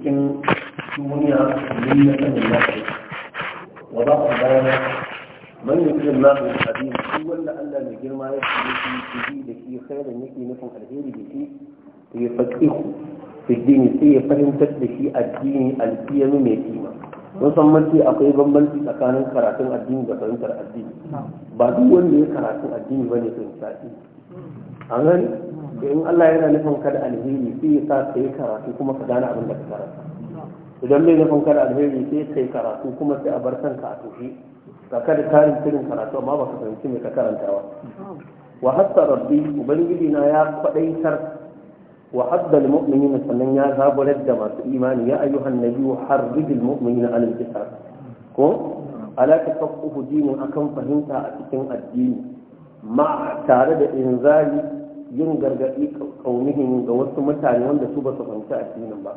cikin duniya domin na sanin nasu wa ba ku bayana man yi kiran nasu da abin shi wanda Allah mai girma ya ce yake yi da shi khairan yake nufin alheri da shi to ya faqihu fi dini sai ya fahimtar da shi addini alkiyami mai kima mun san mace akwai bambanci tsakanin karatun addini da fahimtar addini ba duk wanda ya karatun addini bane fahimta addini an gani in Allah yana nufin kada alheri sai ya sa kai karatu kuma ka gane abin da ka karanta idan bai nufin kada alheri sai kai karatu kuma sai a bar kanka a tushe ka kada tarin tirin karatu amma baka fahimci me ka karantawa wa hatta rabbi ubangiji na ya kwadaitar wa hadda almu'minina sannan ya zaburar da masu imani ya ayyuhan nabiyyu harbidil mu'minina alal kitab ko ala tafaqquhu dinin akan fahimta a cikin addini ma tare da inzali yin gargaɗi ƙaunihin ga wasu mutane wanda su ba su fahimci addinin ba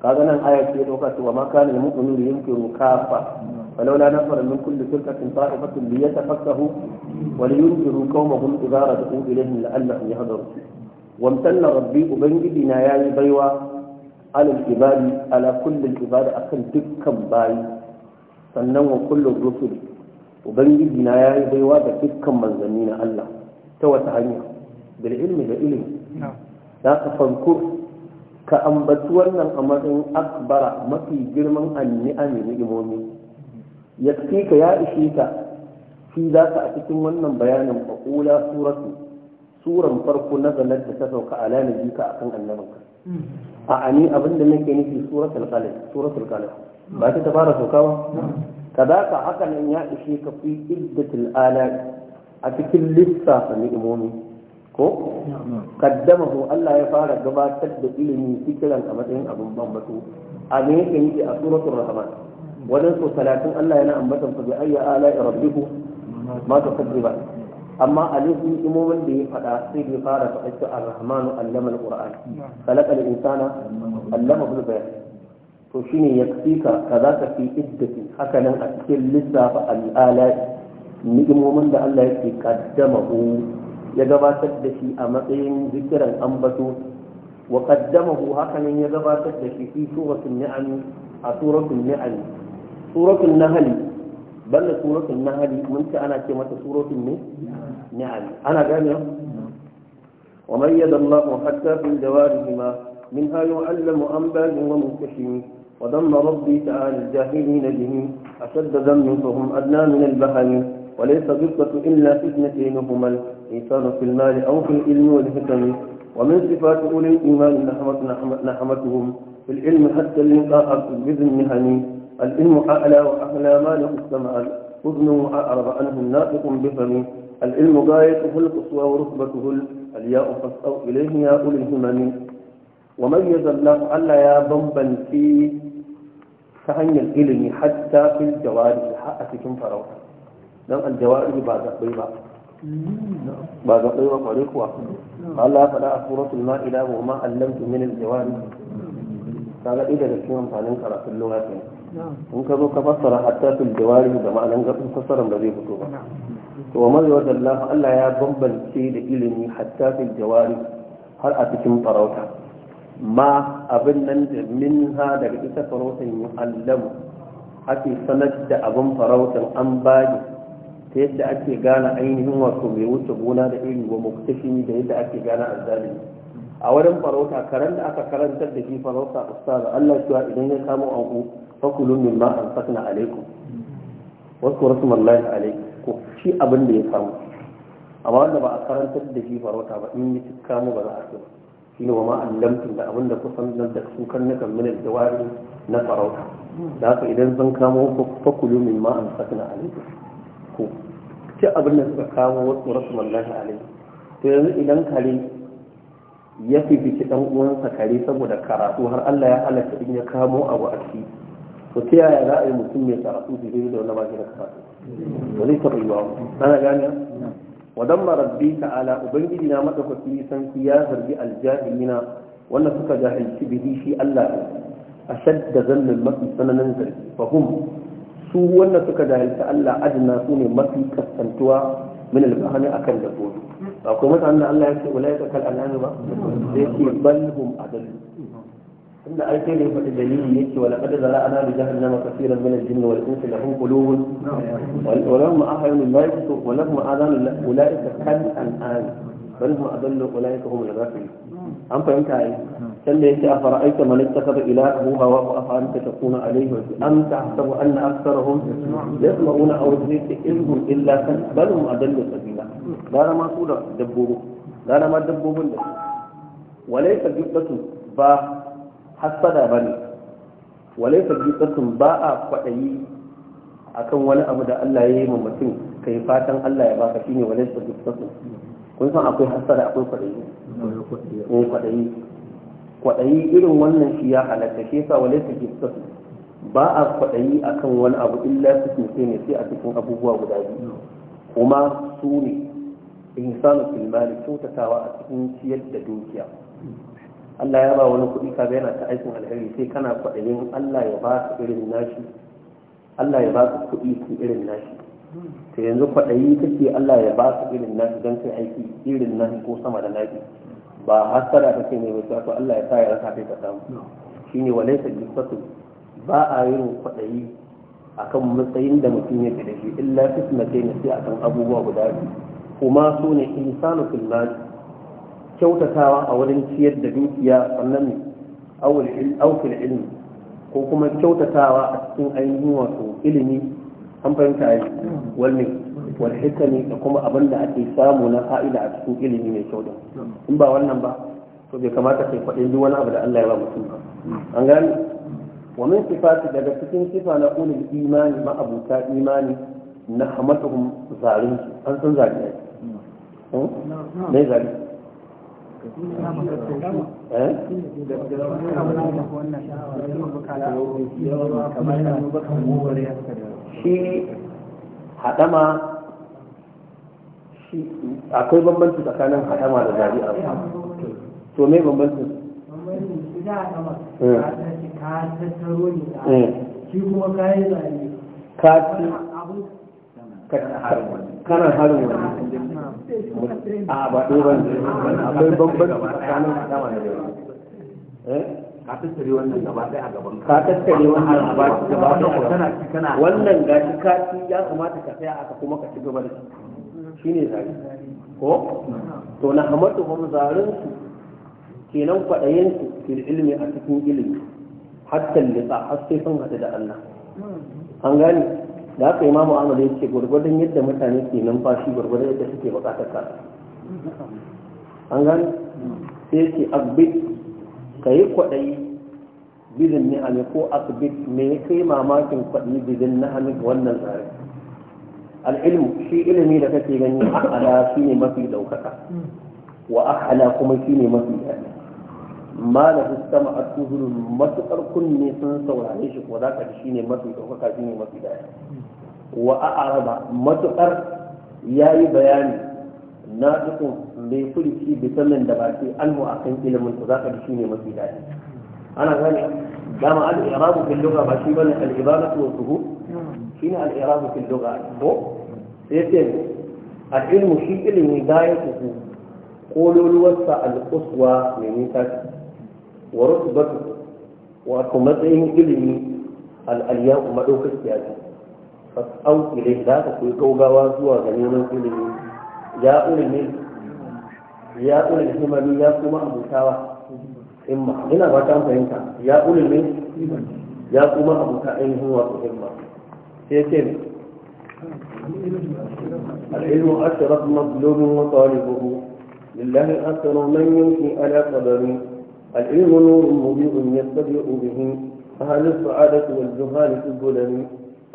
kaga nan aya ce dauka cewa ma kana mu'minu da yumkinu kafa falaula nafara min kulli firqatin ta'ifatun li yatafakkahu wa li yunziru qaumahum idza radu ilayhim la'allahum Wa wamtanna rabbi ubangiji na yayi baiwa alal ibadi ala kulli ibadi akan dukkan bayi sannan wa kullu rusul ubangiji na yayi baiwa da dukkan manzanni na Allah ta wata hanya bil ilmi da ilimi za ka fanko ka ambaci wannan a matsayin akbara mafi girman anni'ami ni'imomi ya ka ya ishe ka shi za ka a cikin wannan bayanin faƙula suratu suran farko na zanar da ta sauka ala na jika kan annabinka mm-hmm. a ani abin da nake nufi suratul qalam suratul qalam ba ta fara sauka ba ka ka haka nan ya ishe ka fi iddatul ala a cikin lissafa ni'imomi ko kaddamahu Allah ya fara gabatar da ilimi fikiran a matsayin abin bambato a me yake yi a suratul rahman wajen so talatin Allah yana ambatan fa bi ayya ala rabbiku ma tukadiba amma alif imomin da ya fada sai ya fara fa ayyu ar-rahmanu allama al-qur'an khalaqa al-insana allama al-bayan to shine yakfika kaza ka fi iddati hakanan a cikin lissafa al-ala ni'imomin da Allah yake kaddamahu ya gabatar da shi a matsayin zikiran ambato wa qaddamahu hakanan ya gabatar da shi fi suratul ni'am a suratul ni'am suratul nahl balla suratul nahl mun ce ana ce mata suratul ni'am ana gane wa mayyada Allah hatta fil jawarihima minha yu'allamu anba'un wa munkashim wa dhamma rabbi ta'ala al-jahilina bihi ashadda dhammin fahum adna min al-bahani وليس قصة إلا فتنتين هما الإنسان في المال أو في العلم والحكم ومن صفات أولي الإيمان نحمت نحمتهم في العلم حتى اللقاء بذن مهني العلم أعلى وأعلى ما له السمع أذنه أعرض عنه ناطق بفمي العلم غايته القصوى ورتبته الياء فاسأو إليه يا أولي الهمم وميز الله على يا بمبا في سعي العلم حتى في الجوارح حقك فروا لو نعم، الجوارح بعد بيبقى ba ga ɗaya ba kware kuwa Allah faɗa a suratul ma'ida wa ma allamtu min al-jawari kaga ɗaya daga cikin amfanin karatun lugati in ka zo ka fassara hatta fil jawari da ma'anan gaɓin fassaran ba zai fito ba to wa mai wajen Allah Allah ya bambance da ilimi hatta fil jawari har a cikin farauta ma abin nan da min ha daga ita farautan yu'allamu ake sanar da abin farautan an bani ta yadda ake gane ainihin wato mai wuce gona da iri wa muktashi da yadda ake gane azzalimi a wurin farauta karen da aka karantar da shi farauta ustaza Allah shi idan ya kama anku fakulun min ma an sakna alaikum wasu rasulullahi alaikum ko shi abin da ya samu amma wanda ba a karantar da shi farauta ba in yi kamo ba za a ce shi ne wa ma allamtum da abin da kusan nan da su kan na da jawari na farauta da haka idan zan kamo fakulun min ma an sakna alaikum uku ce abin da suka kamo wasu rasu wallahi alai to yanzu idan kare ya fifici dan uwansa kare saboda karatu har Allah ya halatta in ya kamo abu a ciki to ta yaya za a yi mutum mai karatu su zai da wani ba shi da karatu ba zai taɓa yi ba ana gane wadan marabbi ta'ala ubangiji na madaukaki san ya zargi aljahilina wanda suka jahilci bihi shi Allah a shadda zannin mafi tsananin zargi fahim su wannan suka jahilta Allah adna su ne mafi kasantuwa min al-bahani akan dabbobi akwai mutanen da Allah ya ce wala yaka kal anami ba sai ce balhum adal inda ai sai da faɗi dalili yake wala qad zara'ana li jahannama kaseeran min al-jinni wal insi lahum qulubun wa lahum a'yunun la yabsirun wa lahum adhanun la ulaika kal anami balhum adal ulaika hum al-ghafilun an fahimta ai sannan yake a fara'aita ta ila a man ittakhadha ilahahu hawahu afa anta takuna alayhi wa am tahsabu anna aktharahum yasma'una aw yasma'una ilhum illa kan bal hum adallu sabila gara ma su da dabbobi gara ma dabbobin da walaysa jubbatu ba hasada bane walaysa jubbatun ba a kwadayi akan wani abu da Allah ya yi ma mutum kai fatan Allah ya baka shine walaysa jubbatun kun san akwai hasada akwai kwadayi kwadayi eh, kwaɗayi irin wannan shi ya halatta shi yasa wale su ke ba a kwaɗayi akan wani abu illa su sai ne sai a cikin abubuwa guda biyu kuma su ne insanu filmali kyautatawa a cikin ciyar da dukiya Allah ya ba wani kuɗi ka yana ta aikin alheri sai kana kwaɗayin Allah ya ba ka irin nashi Allah ya ba ka kuɗi su irin nashi ta yanzu kwaɗayi kake Allah ya ba ka irin nashi don kai aiki irin nashi ko sama da nashi ba hasara ce ne mai to Allah ya sa ya rasa kai ka samu shine walaysa jisatu ba a yin a akan matsayin da mutum yake da shi illa fitnatain sai akan abubuwa guda biyu kuma su ne insanu fil kyautatawa a wurin ciyar da dukiya sannan ne awul ilmi ko kuma kyautatawa a cikin ainihin wato ilimi an fahimta yi wal wal hikami da kuma abin da ake samu na fa'ida a cikin ilimi mai kyau din in ba wannan ba to bai kamata kai faɗin duk wani abu da Allah ya ba mutum ba an gani. wa min sifati daga cikin sifa na ulul imani ma ta imani na hamatuhum zalim an san zaki ne ne zaki shi haɗama akwai bambanci tsakanin hadama da zari'a to me bambancin bambancin za a kama ka tattaro ne shi kuma ka yi zari ka ci harin wani a ba ɗaya ba akwai bambanci tsakanin hadama da zari'a eh? ka tattare wannan gaba ɗaya a gaban ka tattare wannan gaba ɗaya a gaban ka wannan gashi kaci ya kamata ka tsaya aka kuma ka ci gaba da shi ne zari ko to na hamadu hum zarin su kenan kwaɗayen su fil ilmi a cikin ilimi hatta litsa har sai sun hadu da Allah an gane da aka imamu Ahmad ya ce gurgurdan yadda mutane ke numfashi gurgurdan yadda suke bukatar ka an gane sai ce agbid ka yi kwaɗayi bizin ni'ami ko asibit me kai mamakin kwaɗi bizin na'ami wannan zare al'ilmu shi ilimi da kake gani ala shi ne mafi ɗaukaka wa ahala kuma shi ne mafi ɗaɗi ma da su sama a tuzurin matuƙar kunne sun saurare shi ko za ka shi ne mafi ɗaukaka shi ne mafi ɗaɗi wa ba matuƙar ya yi bayani na dukkan mai furici bisamin da ba ke an mu kan ilimin ko za ka shi ne mafi ɗaɗi ana gani dama al-irabu bil lugha ba shi bane al-ibadatu wa shine al-i'rab fil lugha ko sai yace al-ilmu shi ilimi bayan ku kololuwarsa al-quswa mai nisa wa rutbatu wa ku matsayin ilimi al-aliyau madaukakiya ce fasau ilai za ka kuyi gaugawa zuwa ga neman ilimi ya ulil ya ulil himami ya kuma abutawa imma ina ba ta fahimta ya ulil ya kuma abuta ainihin wasu imma يتم العلم أشرف مطلوب وطالبه لله أكثر من يمشي على قدر العلم نور مضيء يستبيع به أهل السعادة والجهال في الظلم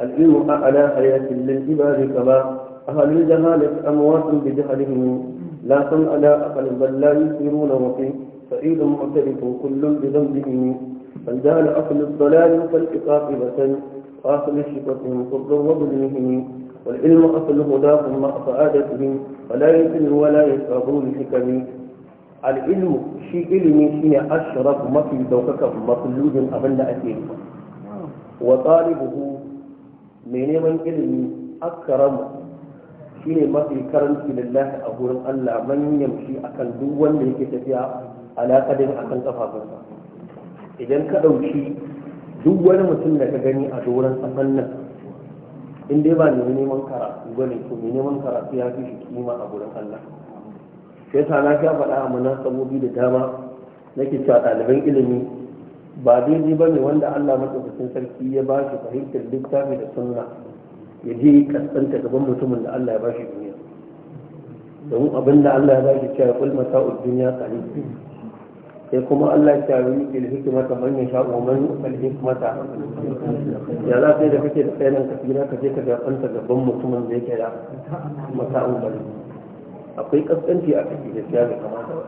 العلم أعلى حياة للعباد كما أهل الجهالة أموات بجهلهم لا صنع لا أقل بل لا يسيرون وفي سعيد معترف كل بذنبه فالجهل أصل الضلال فالإقاقبة وأصل صفتهم قبل وبلهم والعلم أصل هداهم مع سعادتهم فلا يسل ولا يسعبوا لحكم العلم شيء علمي شيء أشرف ما في دوكك مطلوب أبن أتيه وطالبه من يمن علمي أكرم شيء ما في كرم لله أقول الله من يمشي أكن دول لكي تفيا على قدم أكن تفاقه إذا كدوشي duk wani mutum da ka gani a doron saman nan in dai ba ne neman karatu ba ne to mai neman karatu ya fi shi kima a gurin Allah sai sa na sha faɗa a munasabobi da dama nake cewa ɗaliban ilimi ba daidai ba ne wanda Allah matsakacin sarki ya ba shi fahimtar littafi da sunna ya je kasanta gaban mutumin da Allah ya ba shi duniya domin abin Allah ya ba shi cewa kul mata'ud sai kuma Allah ya tawo ni da hikima ta ya sha wa a hikima ta ya za yi da kake da kayan ka tsira ka je ka ga kanta gaban mutumin da yake da mata bari akwai kaskanci a cikin gaskiya da kamata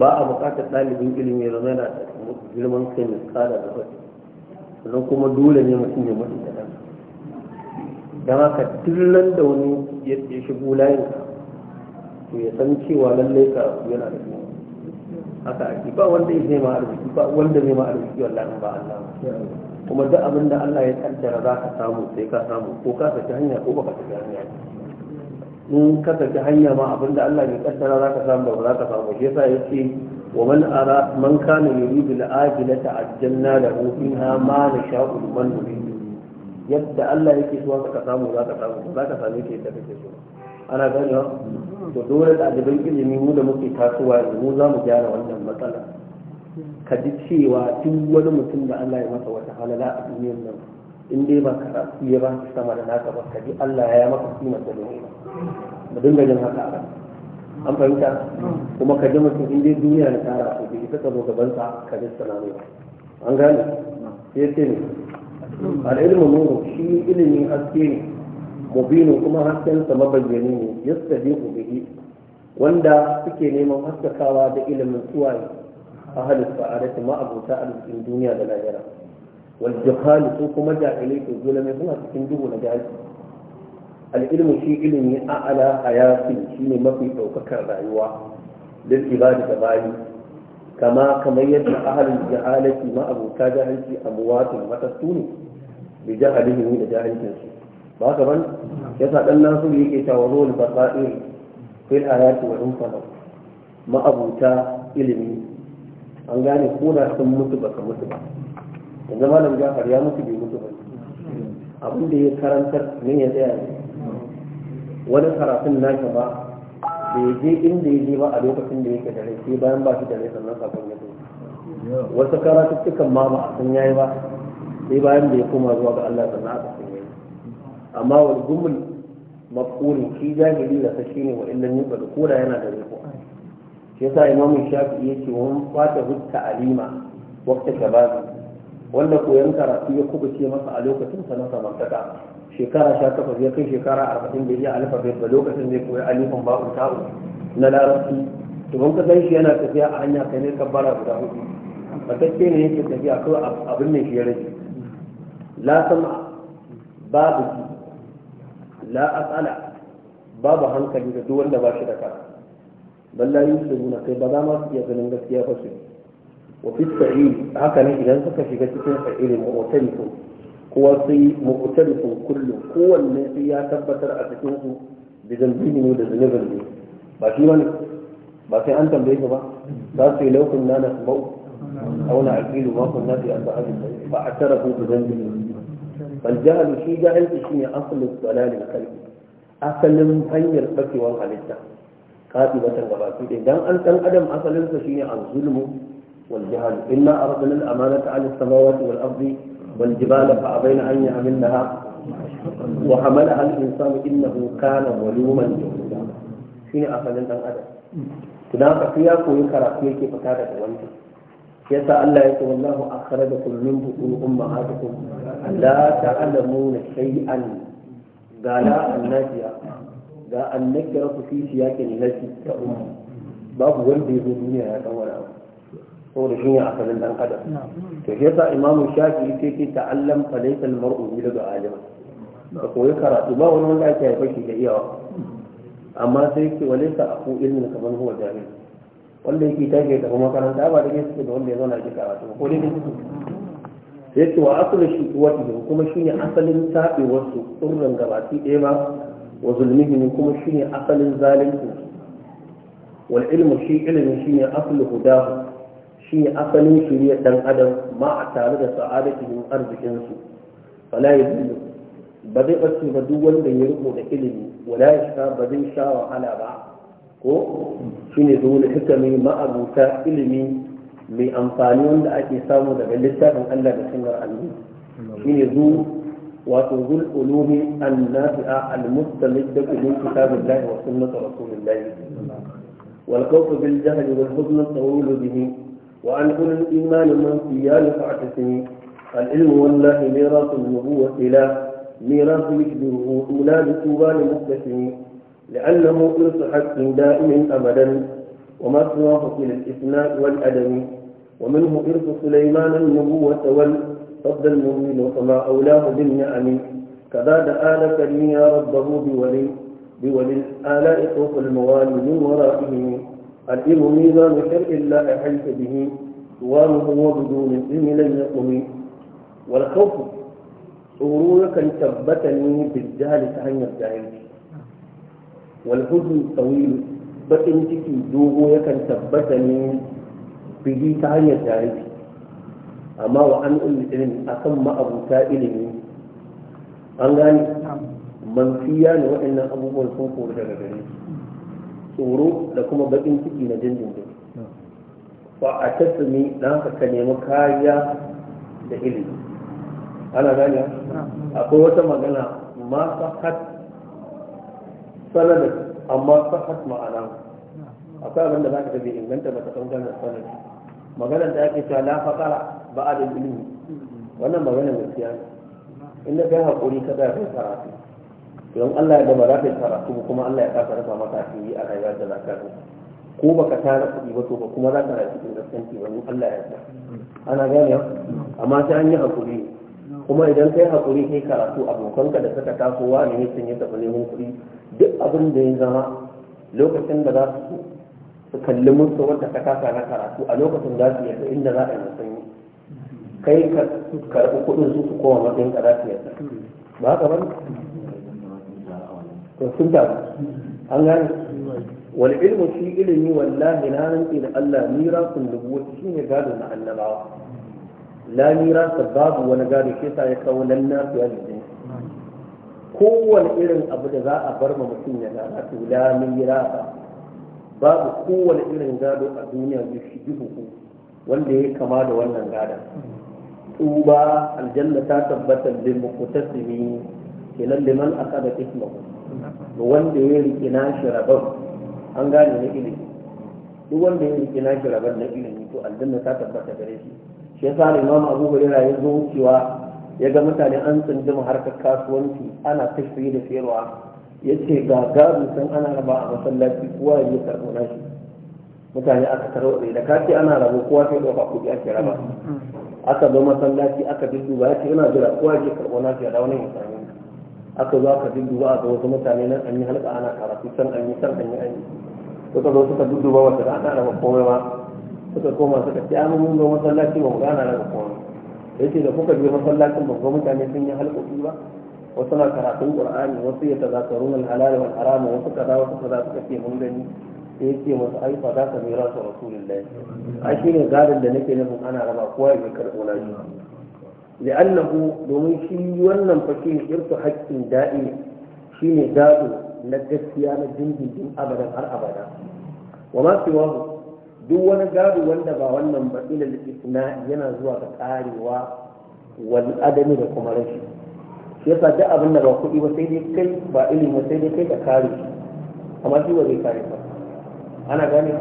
ba a buƙatar ɗalibin ilimi ya zama yana girman kai mai tsada da wasu sannan kuma dole ne mutum ya mutu da nan don haka tillan da wani ya shigo layin ka to ya san cewa lallai ka yana da kuma haka ake ba wanda zai ma arziki ba wanda zai ma arziki wallahi ba Allah kuma duk abin da Allah ya kaddara za ka samu sai ka samu ko ka saki hanya ko ba ka saki hanya in ka saki hanya ma abin da Allah ya kaddara za ka samu ba za ka samu shi yasa ce wa man ara man kana yuridu al-ajilata ajjalna lahu fiha ma nasha'u man yuridu yadda Allah yake so ka samu za ka samu za ka same shi yadda kake so ana ganewa to dole da ɗaliban ilimi mu da muke tasowa mu za mu gyara wannan matsala ka ji cewa duk wani mutum da Allah ya masa wata halala a duniyar nan in dai ba rasu ya ba ka sama da naka ba ka ji Allah ya maka kima da dole mu dinga jin haka a an fahimta kuma ka ji mutum in dai duniya na tara ko bai ka zo gaban sa ka ji sanani an gane sai ce ne al ilmu nuru shi ilimin haske ne mubinu kuma haskensa mabayyani ne yastabiqu bihi wanda suke neman haskakawa da ilimin suwaye a halin sa'adati ma'abuta arzikin duniya da lahira wal jahali su kuma jahilai to mai suna cikin duhu na jahili Al'ilmu shi ilimi a a'ala shi ne mafi daukakar rayuwa lil ibadi da bayi kama kamar yadda ahalin jahalati ma'abuta jahilci amwatun matattu ne bi jahalihim da jahilcin su ba ka ban ya sa dan nasu yake cewa da basair fil ayati wa infala ma'abuta ilimi an gane ko da sun mutu baka mutu ba yanzu malam jafar ya mutu bai mutu ba abin da ya karantar ne ya tsaya wani karatun naka ba bai je inda ya je ba a lokacin da yake da rai sai bayan ba shi da rai sannan sakon ya zo wasu karatuttukan ma ba a san yayi ba sai bayan da ya koma zuwa ga Allah sannan aka amma wal gumin maqulun shi jahili da sashi ne wa illan yin ko da yana da riko shi yasa imamu shafi'i yace wa fata hutta alima wakta shababi wanda koyon karatu ya kubuce masa a lokacin sa na samantaka shekara sha takwas ya kai shekara arba'in da ya bai ba lokacin zai koyi alifin babu ta'u na larabci to ban ka shi yana tafiya a hanya kai ne kabbara guda hudu matacce ne yake tafiya kawai abin ne shi ya rage la sama babu la asala babu hankali da duk wanda ba shi da kara su yusiruna kai ba za ma su iya ganin gaskiya ba su wa fi sa'i haka ne idan suka shiga cikin sa'ilin mu'tarifu kowa sai mu'tarifin kullum kowanne sai ya tabbatar a cikin su da zambi ne da zunubin ne ba shi bane ba sai an tambaye su ba za su yi laukun na na su bau auna aqilu ma kunna fi an ba a ko da zambi ne فالجهل شي جهل شي أصل الضلال الخلق أصل هنير بكي وانهلتا كاتبة غباكي دان أنت أدم أصل شي عن ظلمه والجهل إنا أردنا الأمانة على السماوات والأرض والجبال فأبين أن يحملنها وحملها الإنسان إنه كان ظلوما جهولا شنو أصل أن أدم هناك فيها كل كراكيه كيف كانت وانتهى yasa Allah ya ce wallahu akhrajakum min butun ummahatikum la ta'lamuna shay'an gala annabiya ga annakira ku fi siyakin nasi ta umma babu wanda ya zo duniya ya san wani abu saboda shi ne asalin dan adam to shi yasa imamu Shafi ta ke ta'allam fa laysa al-mar'u illa alima ka koyi karatu ba wani wanda ake haifar shi da iyawa amma sai ke walaysa aku ilmin kaman huwa jahil wanda yake ta ke tafi makaranta ba da ke gaske da wanda ya zauna ji karatu ko dai su ya ce wa asalin shi wata kuma shine asalin taɓewar su tsurran gabaki ɗaya ba wa zulmihin kuma shi ne asalin zalunci wal ilmu shi ilimi shine asalin hudahu ne asalin shirya dan adam ma a tare da sa'adatin arzikinsu fala yadullu ba zai ɓace ba duk wanda ya riko da ilimi wala ya shiga ba zai sha wahala ba ko shine zuwa hikami ma'abuta ilimi mai amfani wanda ake samu daga littafin Allah da sunnar annabi shine zu wato zul ulumi annafi'a almustamidda min kitabillahi wa sunnati rasulillahi wal khawf bil jahl wal huzn at-tawil bihi wa an kulli iman man siyal fa'atini العلم والله ميراث النبوة لا ميراث يشبهه أولاد طوبى لمحدثين لأنه إرث حق دائم أبدا وما سواه إلى الإثناء والأدم ومنه إرث سليمان النبوة والفضل المؤمن وما أولاه بالنعم كذا دعا لك يا ربه بولي بولي الآلاء طوف الموالي من ورائه العلم ميزان شرع لا أحيت به سوامه وبدون علم لن يقم والخوف tsoro yakan بالجهل عن bijjali wal huzn tawil bakin ciki dogo yakan tabbata ne bihi ta hanyar tarihi amma wa an ulil ilmi akan ma'abuta ilimi an gane manfiya ne waɗannan abubuwan sun kori daga gare tsoro da kuma bakin ciki na dindindin ba a tasimi dan ka nemi kariya da ilimi ana gane akwai wata magana ma sahat sanadin amma sahat ma'ana akwai abin da za ka tabi inganta ba ta san ganin sanadi maganar da ake cewa na fakara ba a da ilimi wannan maganar gaskiya ne inda kai haƙuri ka tsaya kai karatu don Allah ya gaba za ka yi karatu kuma Allah ya kasa rufa maka yi a rayuwar da za ka rufa ko ka tara kuɗi ba to ba kuma za ka rayu cikin gaskanci ba Allah ya sa ana gane amma sai an yi haƙuri kuma idan kai haƙuri kai karatu abokanka da suka tasowa ne ne sun yi tafi neman kuɗi duk abin da ya zama lokacin da za su su kalli musu wanda ka kasa na karatu a lokacin za su yadda inda za a yi musanyi kai ka karɓi kuɗin su su koma matsayin ka za su yadda ba ka ba to sun an gane wal ilmu shi ilimi wallahi na rantsi da Allah mirasun nubuwati shine gado na annabawa la mirasa babu wani gado shi sa ya kawo nan nasu kowane irin abu da za a bar ma mutum ya gada to la min yirafa babu kowane irin gado a duniya yushi duhu wanda ya kama da wannan gadon tuba aljanna ta tabbata lil muqtasimi kenan liman aqada ismahu wanda ya riƙe na rabon an gane na ilimi duk wanda ya riƙe na rabon na ilimi to aljanna ta tabbata gare shi shi yasa imam abu Abubuwa ya zo cewa ya ga mutane an tsunduma harkar kasuwanci ana tafiye da sayarwa ya ce ga gado sun ana raba a masallaci kowa ya karɓo na shi mutane aka taro da ka ce ana rabo kowa sai ɗauka kuɗi ake raba aka zo masallaci aka duba ya ce yana jira kowa ya karɓo na shi a dawo nan ya sami aka zo aka duba a ga wasu mutane nan an yi halka ana karatu san an yi san an yi an yi suka zo suka duba wata da ana raba komai ba suka koma suka ce an mun zo masallaci ba mu gana raba komai yace da kuka je masallacin babba mutane sun yi halƙoƙi ba wasu na karatun qur'ani wasu ya tazakarun alhalal wal haram wasu kaza wasu kaza suka ce mun gani sai yace masu ai fa zaka mira su rasulullahi ai shine gadin da nake nufin ana raba kowa ya karɓo na shi li'annahu domin shi wannan fakin irtu haƙƙin da'i shine gado na gaskiya na dindindin abadan har abada wa ma siwahu duk wani gado wanda ba wannan ba ilal isna yana zuwa ga karewa wal adami da kuma rashi shi yasa duk abin da ba kuɗi ba sai dai kai ba ilimi sai dai kai ka kare shi amma shi ba zai kare ba ana gane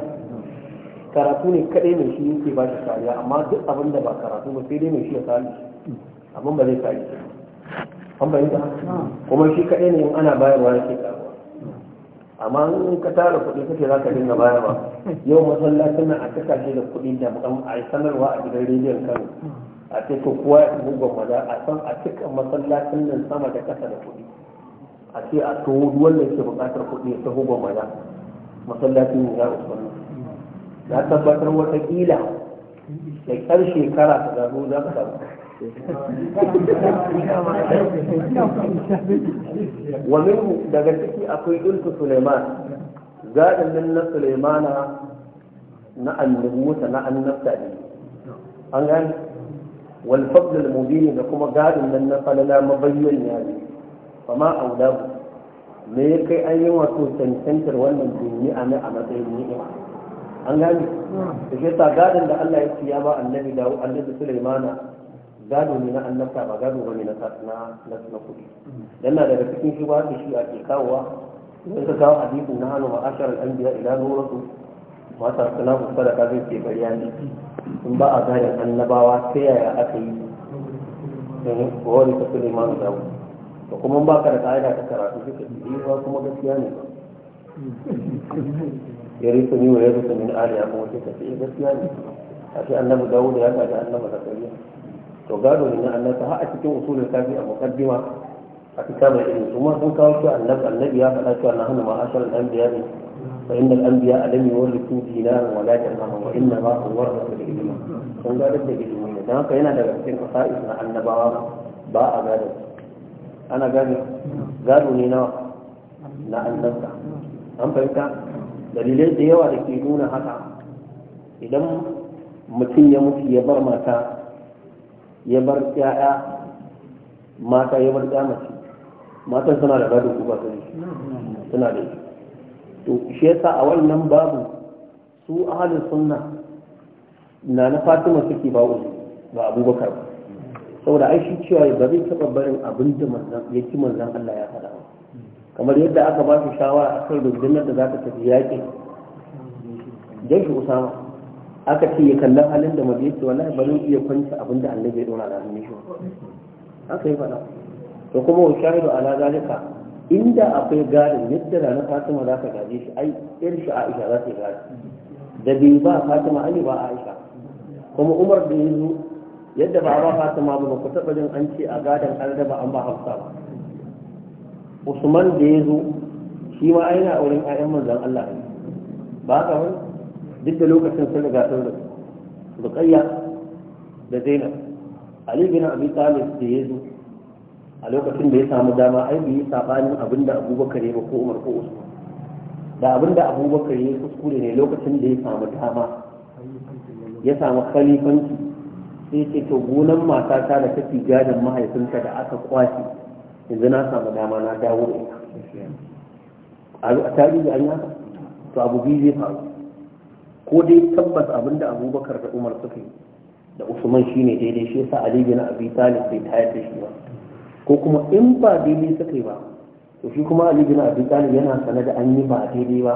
karatu ne kaɗai mai shi yake ba shi kariya amma duk abin da ba karatu ba sai dai mai shi ya kare shi amma ba zai kare shi an bayyana kuma shi kaɗai ne in ana bayarwa yake kare amma in ka tara kuɗi kake za ka dinga bayarwa yau masallacin nan a cika shi da kuɗi da a yi sanarwa a gidan rediyon kano a ce to kowa ya fi gwamma a san a cika masallacin nan sama da ƙasa da kuɗi a ce a to wanda ke buƙatar kuɗi ya taho gwamma da masallacin ya za usman na tabbatar ƙila da ƙar shekara ta gano za ka samu wa minhu daga ciki akwai ilku Suleiman gadin nan na Suleimana na annabuta na an gani wal fadl al mubin da kuma gadin nan na ya me ya kai an yi wato cancantar wannan dini a a matsayin ni'ima an gani hmm. da shi gadin da Allah ya siya ba annabi da annabi Sulaimana gado ne na annabta ba gado ba ne na na kuɗi yana daga cikin shi ba shi a ke kawowa idan ka kawo hadisin na hannu wa ashar al'anbiya ila nuratu mata suna kusa da kafin ke bayani in ba a gadon annabawa ta yaya aka yi don wani ka sule ma da da kuma ba ka da ka'ida ta karatu duka eh, ba kuma gaskiya ne ba ya rika ni wa ya rika min ali ya kuma ce ka ce eh, gaskiya ne a shi annabi dawo da ya gaji annabi zakariya to gado ne na annabta har a cikin usulul kafi a muqaddima a kitabul ilmi kuma sun kawo cewa annabi annabi ya faɗa cewa na hannu hanu ma'asharal anbiya ne fa innal anbiya alam yuwarrisu dinaran wa la dirhaman wa inna ma huwa warathatul ilmi sun gadar da ilimi ne dan haka yana daga cikin qasa'is na annabawa ba a gado ana gado gado ne na na annabta an fahimta dalilai da yawa da ke nuna haka idan mutum ya mutu ya bar mata ya bar ya'ya mata ya bar ya mace matan suna da gado ko ba su suna da shi to shi yasa a wannan babu su ahalin sunna na na fatima suke ba ba abubakar ba saboda ai shi cewa ba zai taɓa barin abin da manzan ya manzan Allah ya faɗa kamar yadda aka ba shi shawara akan rundunar da za ta tafi yaƙin jashi usama aka ce ya kallon halin da mabiyar ce wallahi bari iya kwanci abin da annabi ya dora da hannun shi aka yi faɗa to kuma wa shahidu ala zalika inda akwai gadin yadda da na fatima za ka gaje shi ai yar shi aisha za ta yi gaji, da bai ba fatima ali ba aisha kuma umar da ya zo yadda ba ba fatima ba ku taɓa jin an ce a gadin an ba an ba hafsa ba usman da ya zo shi ma aina a wurin 'ya'yan manzan allah ne ba ka wani duk da lokacin sun riga sun rufe bukayya da zainab ali bin abi talib da ya zo a lokacin da ya samu dama ai bi yi sabanin abinda abubakar ya ba ko umar ko usman da abinda abubakar ya kuskure ne lokacin da ya samu dama ya samu khalifanci sai ce to gonan ta da take gadin mahaifinta da aka kwashe yanzu na samu dama na dawo da ita a tarihi an haka to abu biyu zai faru ko dai tabbas da abubakar da umar suka yi da usman shine daidai shi yasa ali bin abi talib bai tayar da shi ba ko kuma in ba daidai suka yi ba to shi kuma ali bin abi talib yana sane da an yi ba daidai ba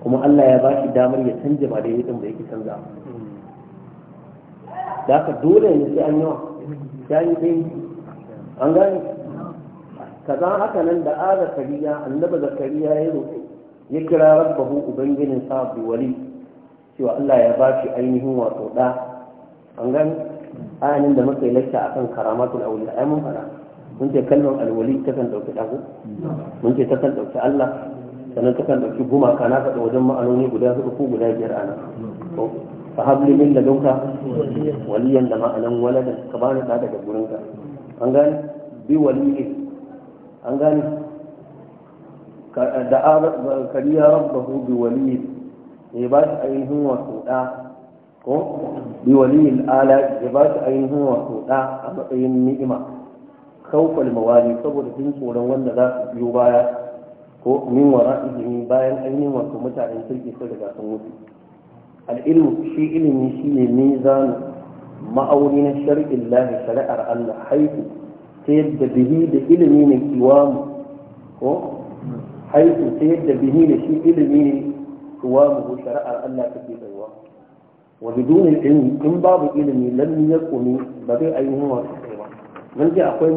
kuma Allah ya ba shi damar ya canja ba daidai din ba yake canza da haka dole ne sai an yi wa sai an yi ɗaya an gane kaza haka nan da aza kariya annaba zakariya ya roƙi ya kira rabbahu ubangijin sa bi wali cewa Allah ya ba shi ainihin wato ɗa an gani ayanin da muka yi lakta a kan karamatul auliya ai mun fara mun ce kalmar alwali ta kan ɗauki ɗago mun ce ta kan ɗauki Allah sannan ta kan ɗauki gumaka na faɗa wajen ma'anoni guda huɗu ko guda biyar a nan fa habli min da ladunka waliyan da ma'anan waladan ka bani ɗa daga gurinka an gane bi waliyin an gane da kariya rabbahu bi waliyin ya ba su ainihin wato ɗa ko bi waliyin ala ya ba su ainihin wato ɗa a matsayin ni'ima kawfal mawali saboda jin tsoron wanda za su biyo baya ko min wara izini bayan ainihin wato mutanen kirki sun riga sun mutu al'ilmu shi ilimi shi ne mizanu ma'auni na shari'in lahi shari'ar allah haiku ta yadda bihi da ilimi ne kiwamu ko haiku ta yadda bihi da shi ilimi ne kuwamu shar'ar Allah take tsayawa wa bidun ilmi in babu ilmi lan yakuni ba dai ayi mu wasu biyu akwai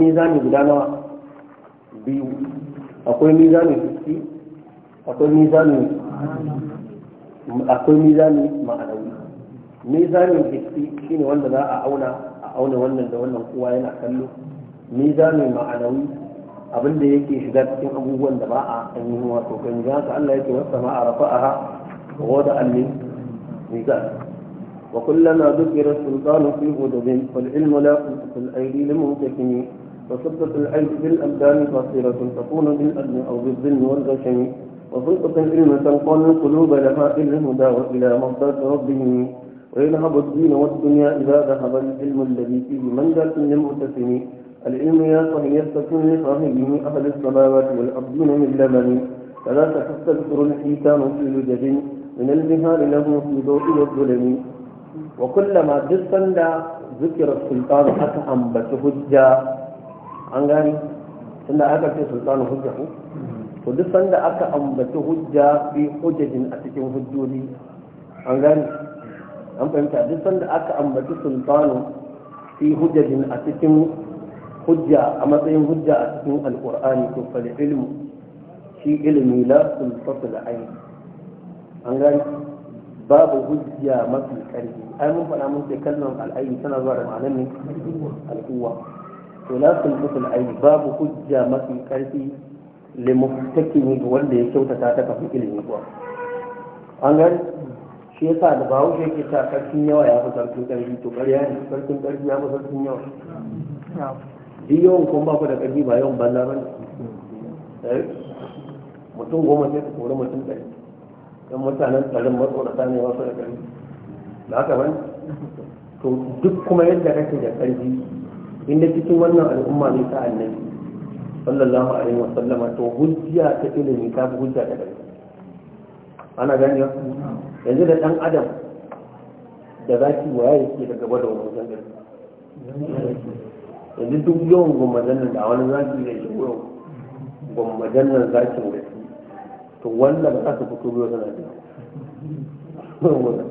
shine wanda za a auna auna da wannan kowa yana kallo mizani ma'anawi abin da yake shiga cikin abubuwan da ba a ainihin wato gani ya ta Allah yake wasa ma a rafa'aha wa da alli mizan wa kullama dhukira sultanu fi hudabin wal ilmu la tusfil aydi lil mumtakin wa sabbat al ayd bil abdan qasiratun takunu bil adn aw bil dhilli wal ghashmi wa sulqatan ilmatan qala al qulub laha illa huda wa ila mafdat rabbih ويذهب الدين والدنيا إذا ذهب العلم الذي فيه منزلة للمؤتسمين العلم يا صحيح يستكون لصاحبه أهل السماوات والأرض من اللبن فلا تستذكر الحيتان في لجج من البهار له في ضوء الظلم وكلما جدا لا ذكر السلطان حتى أنبت حجة عن غاني سنة أكا في سلطان حجة فجدا لا أكا أنبت حجة في حجج أتكم حجولي عن غاني أم فهمت جدا لا أكا أنبت سلطان في حجج أتكم hujja a matsayin hujja a cikin alkur'ani to fal ilmu shi ilmi la sulfatul ayn an gani babu hujja mafi karfi ai mun faɗa mun ce kalmar al'ayi tana zuwa da ma'anar ne al'uwa to la sulfatul ayn babu hujja mafi karfi li muftakini wanda ya kyautata ta kafin ilmi kuwa an gani shi yasa da bawo shi yake ta karfin yawa ya fi sarkin karfi to ƙarya ne sarkin karfi ya fi sarkin yawa duk yawan kuma ba ku da ƙarfi ba yawan banza ba ne eh? mutum goma sai ka kori mutum ɗari ɗan mutanen tsarin matsorata ne wasu da ƙarfi da haka ba to duk kuma yadda kake da ƙarfi inda cikin wannan al'umma ne ta annabi sallallahu alaihi wa sallama to hujja ta ilimi ta fi hujja ta ƙarfi ana gani ba yanzu da ɗan adam da zaki waye ke da gaba da wani wajen gari. yanzu duk yawan gwamnatin nan da wani zaki ne shi yawan gwamnatin nan zakin gaske to wannan za su fito biyu tana da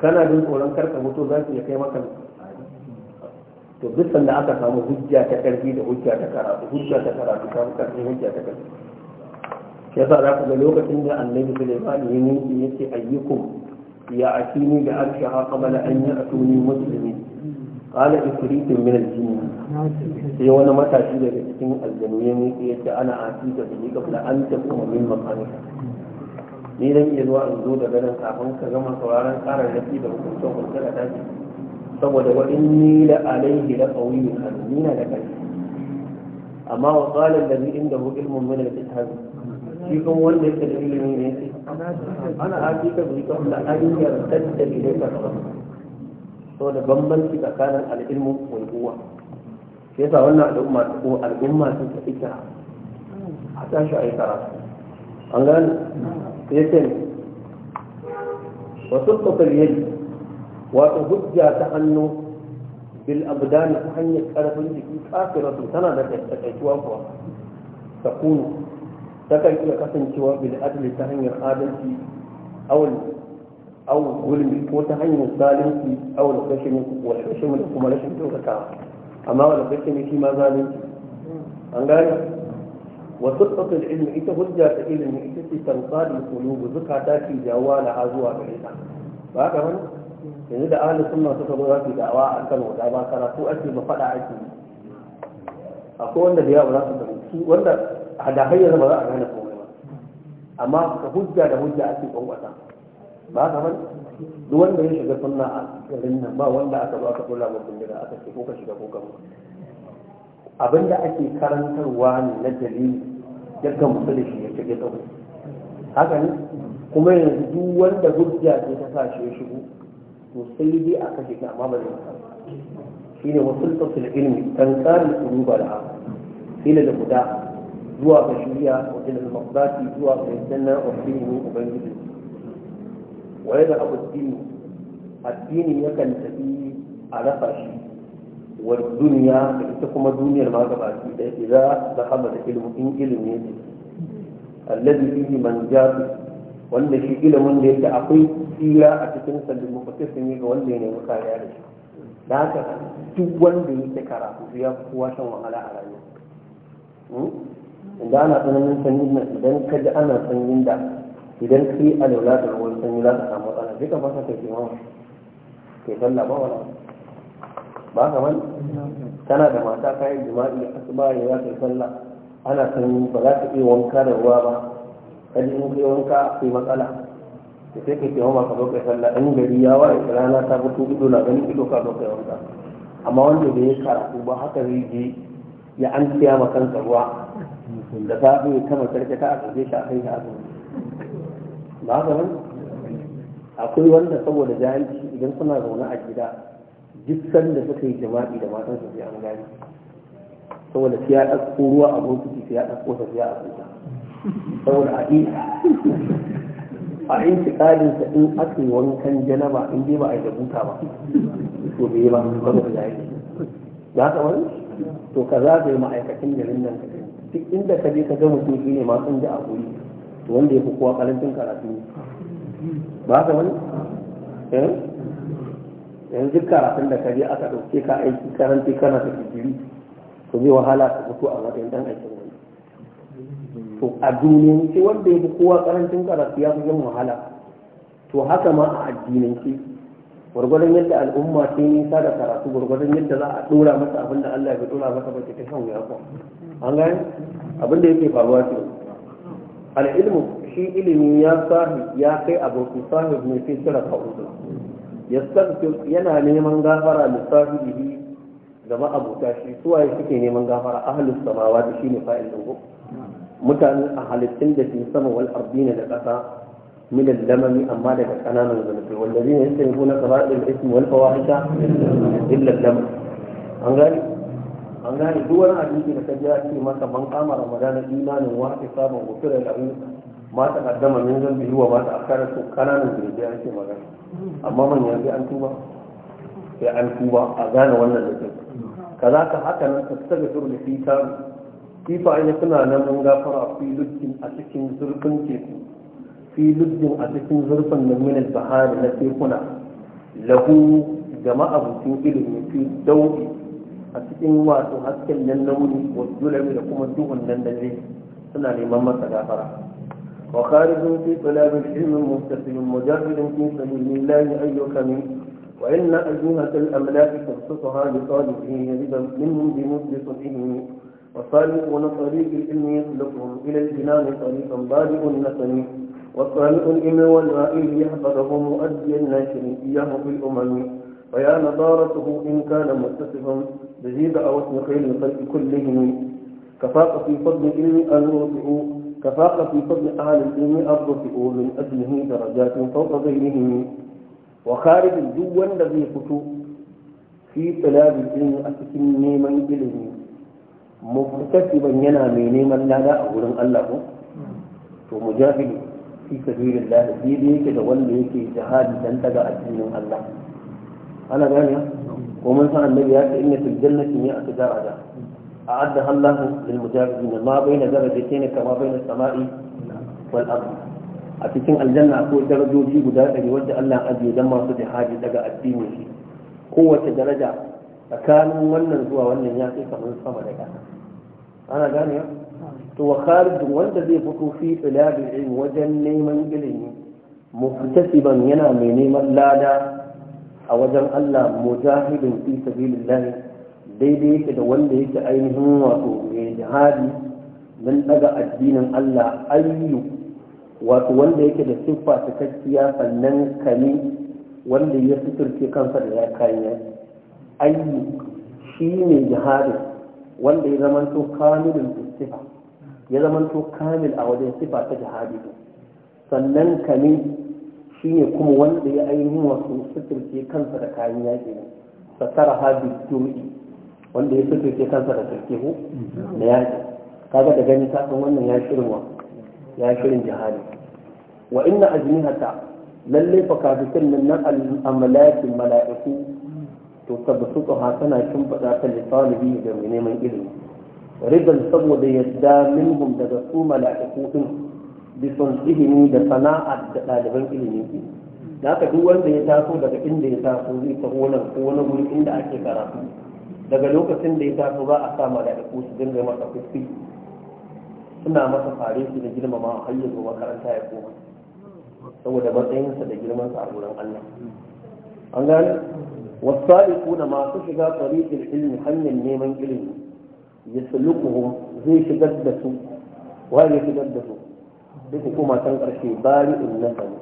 kana jin tsoron karka mutu za su iya kai maka to duk sanda aka samu hujja ta karfi da hujja ta karatu hujja ta karatu ta karfi hujja ta karfi ya sa za ku ga lokacin da annabi Sulaiman ya ninki ce ayyukum ya ni da arsha qabla an tuni musulmi. qala ifritun min al sai wani matashi daga cikin aljanu ya miƙe yace ana atika da ni kabla an taquma min maqamika ni dan iya zuwa in zo da ganin kafin ka gama sauraron karar da da hukuncin hukunta da tashi saboda wa inni la alaihi la qawiyyun amin na da kai amma wa qala allazi indahu ilmun min al-kitab shi kuma wanda yake da ilimi ne ana atika bi qabla an yartadda ilayka qabla saboda bambanci tsakanin al'ilmu wal shi sai yasa wannan al'umma ta ko al'umma sun ta ita a tashi a yi karatu an gane sai ce wasu tsofar yadda wato hujja ta hannu bil abdani ta hanyar karfin jiki kafin kafiratu tana da takaituwa kuwa ta kunu ta takan iya kasancewa bil adli ta hanyar adalci awal aw gulmi ko ta hanyar zalunci aw da kashin wa kashin da kuma rashin dokaka amma wa kashin shi ma zalunci an gane wa sirfatu ilmi ita hujja ta ita ce tanqadi qulub zakata ki jawa la azuwa gare ta ba ka yanzu da ahli sunna suka zo za su da'awa a kan wada ba karatu ake ba fada ake akwai wanda da wanda da ba za a gane komai ba amma hujja da hujja ake kwankwata ba ka bane duk wanda ya shiga sunna a garin nan ba wanda aka ba ka kula ma bindiga aka ce ko ka shiga ko ka abinda ake karantarwa ne na dalili yadda mutu da shi ya shiga tsawo haka ne kuma yanzu duk wanda hujja ce ta sa shi ya shigo to sai dai aka shiga amma ba zai ka shi ne wasu tafsir ilmi kan tsarin ba da haka ila da guda zuwa ga shirya wa da zuwa ga yanzu na wa ilmi ubangiji wa da abu dini addini yakan tafi a shi wa duniya da ita kuma duniyar ma gaba ki da idza zahaba da ilmu in ilmi ne man ja'a wanda shi ilimin da yake akwai tsira a cikin sallin mafakasin ne ga wanda ya nemi kariya da shi da haka duk wanda yake karatu ya fi shan wahala a rayuwa hmm? inda ana tsananin sanyin nan idan ka ji ana sanyin da idan ki yi lura da ruwan sanyi za ka samu matsala duka ba ka kai mawa ke sallah ba wani ba ka wani tana da mata kayan jima'i asuba ya za ka yi sallah ana sanyi ba za ka iya wanka da ruwa ba kaji in kai wanka kai matsala da sai ka yi mawa ka zo kai sallah in gari ya waye rana ta fito ido na ganin ido ka zo kai wanka amma wanda bai yi karatu ba haka zai je ya an siya ma kansa ruwa da safe kama karkata a kaje shi a kai shi a ba ga nan akwai wanda saboda jahilci idan suna zaune a gida duk sanda suka yi jima'i da matan su sai an gani saboda su ya ɗauko ruwa a bokiti sai ya ɗauko ta sai ya abuja saboda a in a in tikadin sa in aka yi wankan janaba in dai ba a yi da buta ba to bai ba da jahilci ba ka wani to ka za ka yi ma'aikacin garin nan ka duk inda ka je ka ga mutum shi ne ma sun ji a guri to wanda ya fi kowa karancin karatu ba haka wani eh? yanzu karatun da kaje aka ɗauke ka aiki karanci kana da digiri to zai wahala ka fito a matsayin dan aikin wani to a duniyance wanda ya fi kowa karancin karatu ya fi yin wahala to haka ma a addinance gwargwadon yadda al'umma ta yi nisa da karatu gwargwadon yadda za a ɗora masa abin da Allah bai ɗora masa ba ta shan wuya ko an gani abin da yake faruwa ce al'ilmu shi ilimi ya sahi ya kai abokin sahib ne fi sirra fa'udu ya yana neman gafara da sahibihi gama abota shi suwaye suke neman gafara ahalus samawa da shi ne fa'il dango mutane a halittun da ke sama wal ardina da ƙasa min al-lamami amma daga kananan zunubi wallazina yastahibuna kaba'ir al-ismi wal fawahisha illa al-lamam an gani an gane duk wani hadisi da ka ji ake maka ban kama ramadan imanin wa ta samun gufira da abin ma ta kaddama min zan biyu wa ta akara su kananan zirgi an ce magana amma man bi an tuba sai an tuba a gane wannan da kyau kaza ka haka nan ka saka zuru da fita kifa ainihin suna nan mun gafara fi lukin a cikin zurfin teku fi lukin a cikin zurfin na minal bahari na tekuna lahu ga ma'abucin ilimi fi dauki a cikin wato hasken nan na wuni wa zulami da kuma duhun nan na zai suna neman masa gafara wa kharijun fi talabin ilmin mustasilin mujarridin fi sabilillahi ayyukan wa inna ajnihatal amlaki tabsutuha li talibihi yaridan minhum bi mudlisihi wa saliquna tariq al-ilmi yasluquhum ila al-jinan tariqan badi'un nasani وصانع الإمر والرائل يحفظه مؤدي الناشر إياه في الأمم فيا نضارته إن كان متصفا بزيد أو اسم خير الخلق كلهم كفاق في فضل علم الرفع كفاق في فضل أهل العلم الرفع من أجله درجات فوق غيرهم وخارج الجو الذي فتو في طلاب العلم أسكن نيما إليه مكتسبا ينامي نيما لا لا أقول الله ومجاهد في سبيل الله سيدي كده في جهاد تنتقى الدين الله ana gane ko mun san annabi ya ce inna fil jannati mi'atu daraja a'addaha Allahu lil mujahidin ma baina darajatayn kama baina as-sama'i wal ardh a cikin aljanna akwai darajoji guda ɗari wanda Allah ajiye dan masu jihadi daga addini kowace daraja tsakanin wannan zuwa wannan ya kai kamar sama da ƙasa ana gane ya to wa kharijin wanda zai fito fi tsilabi ilmi wajen neman ilimi muktasiban yana mai neman lada a wajen Allah mujahidin fi sabilillah daidai yake da wanda yake ainihin wato mai jihadi don daga addinin Allah ayyu wato wanda yake da siffa cikakkiya sannan kani wanda ya suturce kansa da ya kayan ayyu shi ne jihadi wanda ya zama zamanto kamilin sifa ya zama zamanto kamil a wajen sifa ta jihadi sannan kani Shi ne kuma wanda ya ainihin wasu suturce kansa da kayan yaƙi ne satara hadu duri wanda ya suturce kansa da sarki ko na yaƙi kaga da gani ta san wannan ya shirin wa ya shirin jihadi wa inna ajnihata lalle fa kafirin nan na al-amalakin mala'iku to tabbatu ha tana kin fada ta lisalibi da neman ilimi ridan saboda yadda minhum daga su mala'iku din bisan ilimi da sana'ar da ɗaliban ilimi ke da haka duk wanda ya taso daga inda ya taso zai taho nan ko wani guri inda ake karatu daga lokacin da ya taso za a sa mala'iku su dinga masa kuskure suna masa fare su da girmama har ya zo makaranta ya koma saboda matsayinsa da girmansa a wurin Allah an gane والسائقون ما تشغى طريق العلم حنا نيمان علم يسلكهم زي شدد دسو وهي شدد دسو duk hukuma san karshe bari in nasani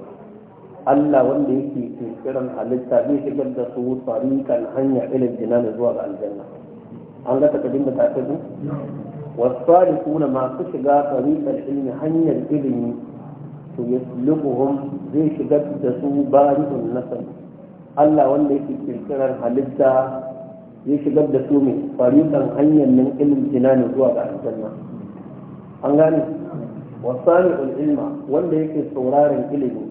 Allah wanda yake kirkiran halitta zai shigar da su tarikan hanya ilin jinana zuwa ga aljanna an ga takardun da tafi والصالحون ما كشغا طريق العلم هنيا العلم يسلكهم زي شغب دسو بارئ النسل الله ولا يكي كرر حلتا زي شغب دسو من wasami'ul ilma wanda yake sauraron ilimi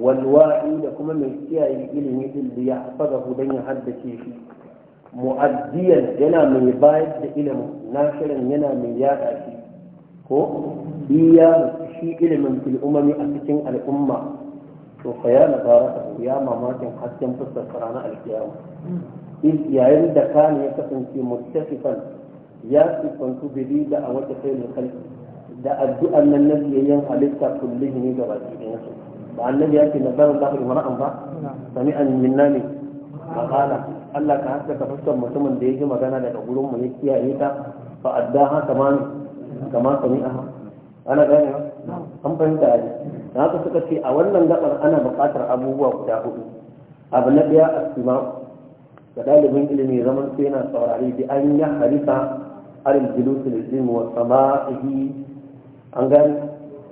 walwa'i da kuma mai kiyaye ilimi din da ya hafazahu dan ya haddace shi mu'addiyan yana mai bayar da ilimin nashirin yana mai yada shi ko iya shi ilimin fil a cikin al'umma to fa ya nazara ya mamakin hasken fuskar ranar alkiyama yayin da kane ya kasance muttafiqan ya sifantu bidi da a wata kai kalbi da addu'an nan na biyayyen halitta kullihi ne ga baki ɗayan su ba annabi ya ce na zarar da kuma ra'an ba sami an minna ne makala Allah ka haskaka fuskar mutumin da ya ji magana daga gurin mu ya kiyaye ta fa addaha kama ne kama sami aha ana gane ba an fahimta ya da haka suka ce a wannan gabar ana buƙatar abubuwa guda hudu abu na ɗaya asima ga ɗalibin ilimi zaman sai yana saurari bi an ya arin alil da ilmi wa sama'ihi an gani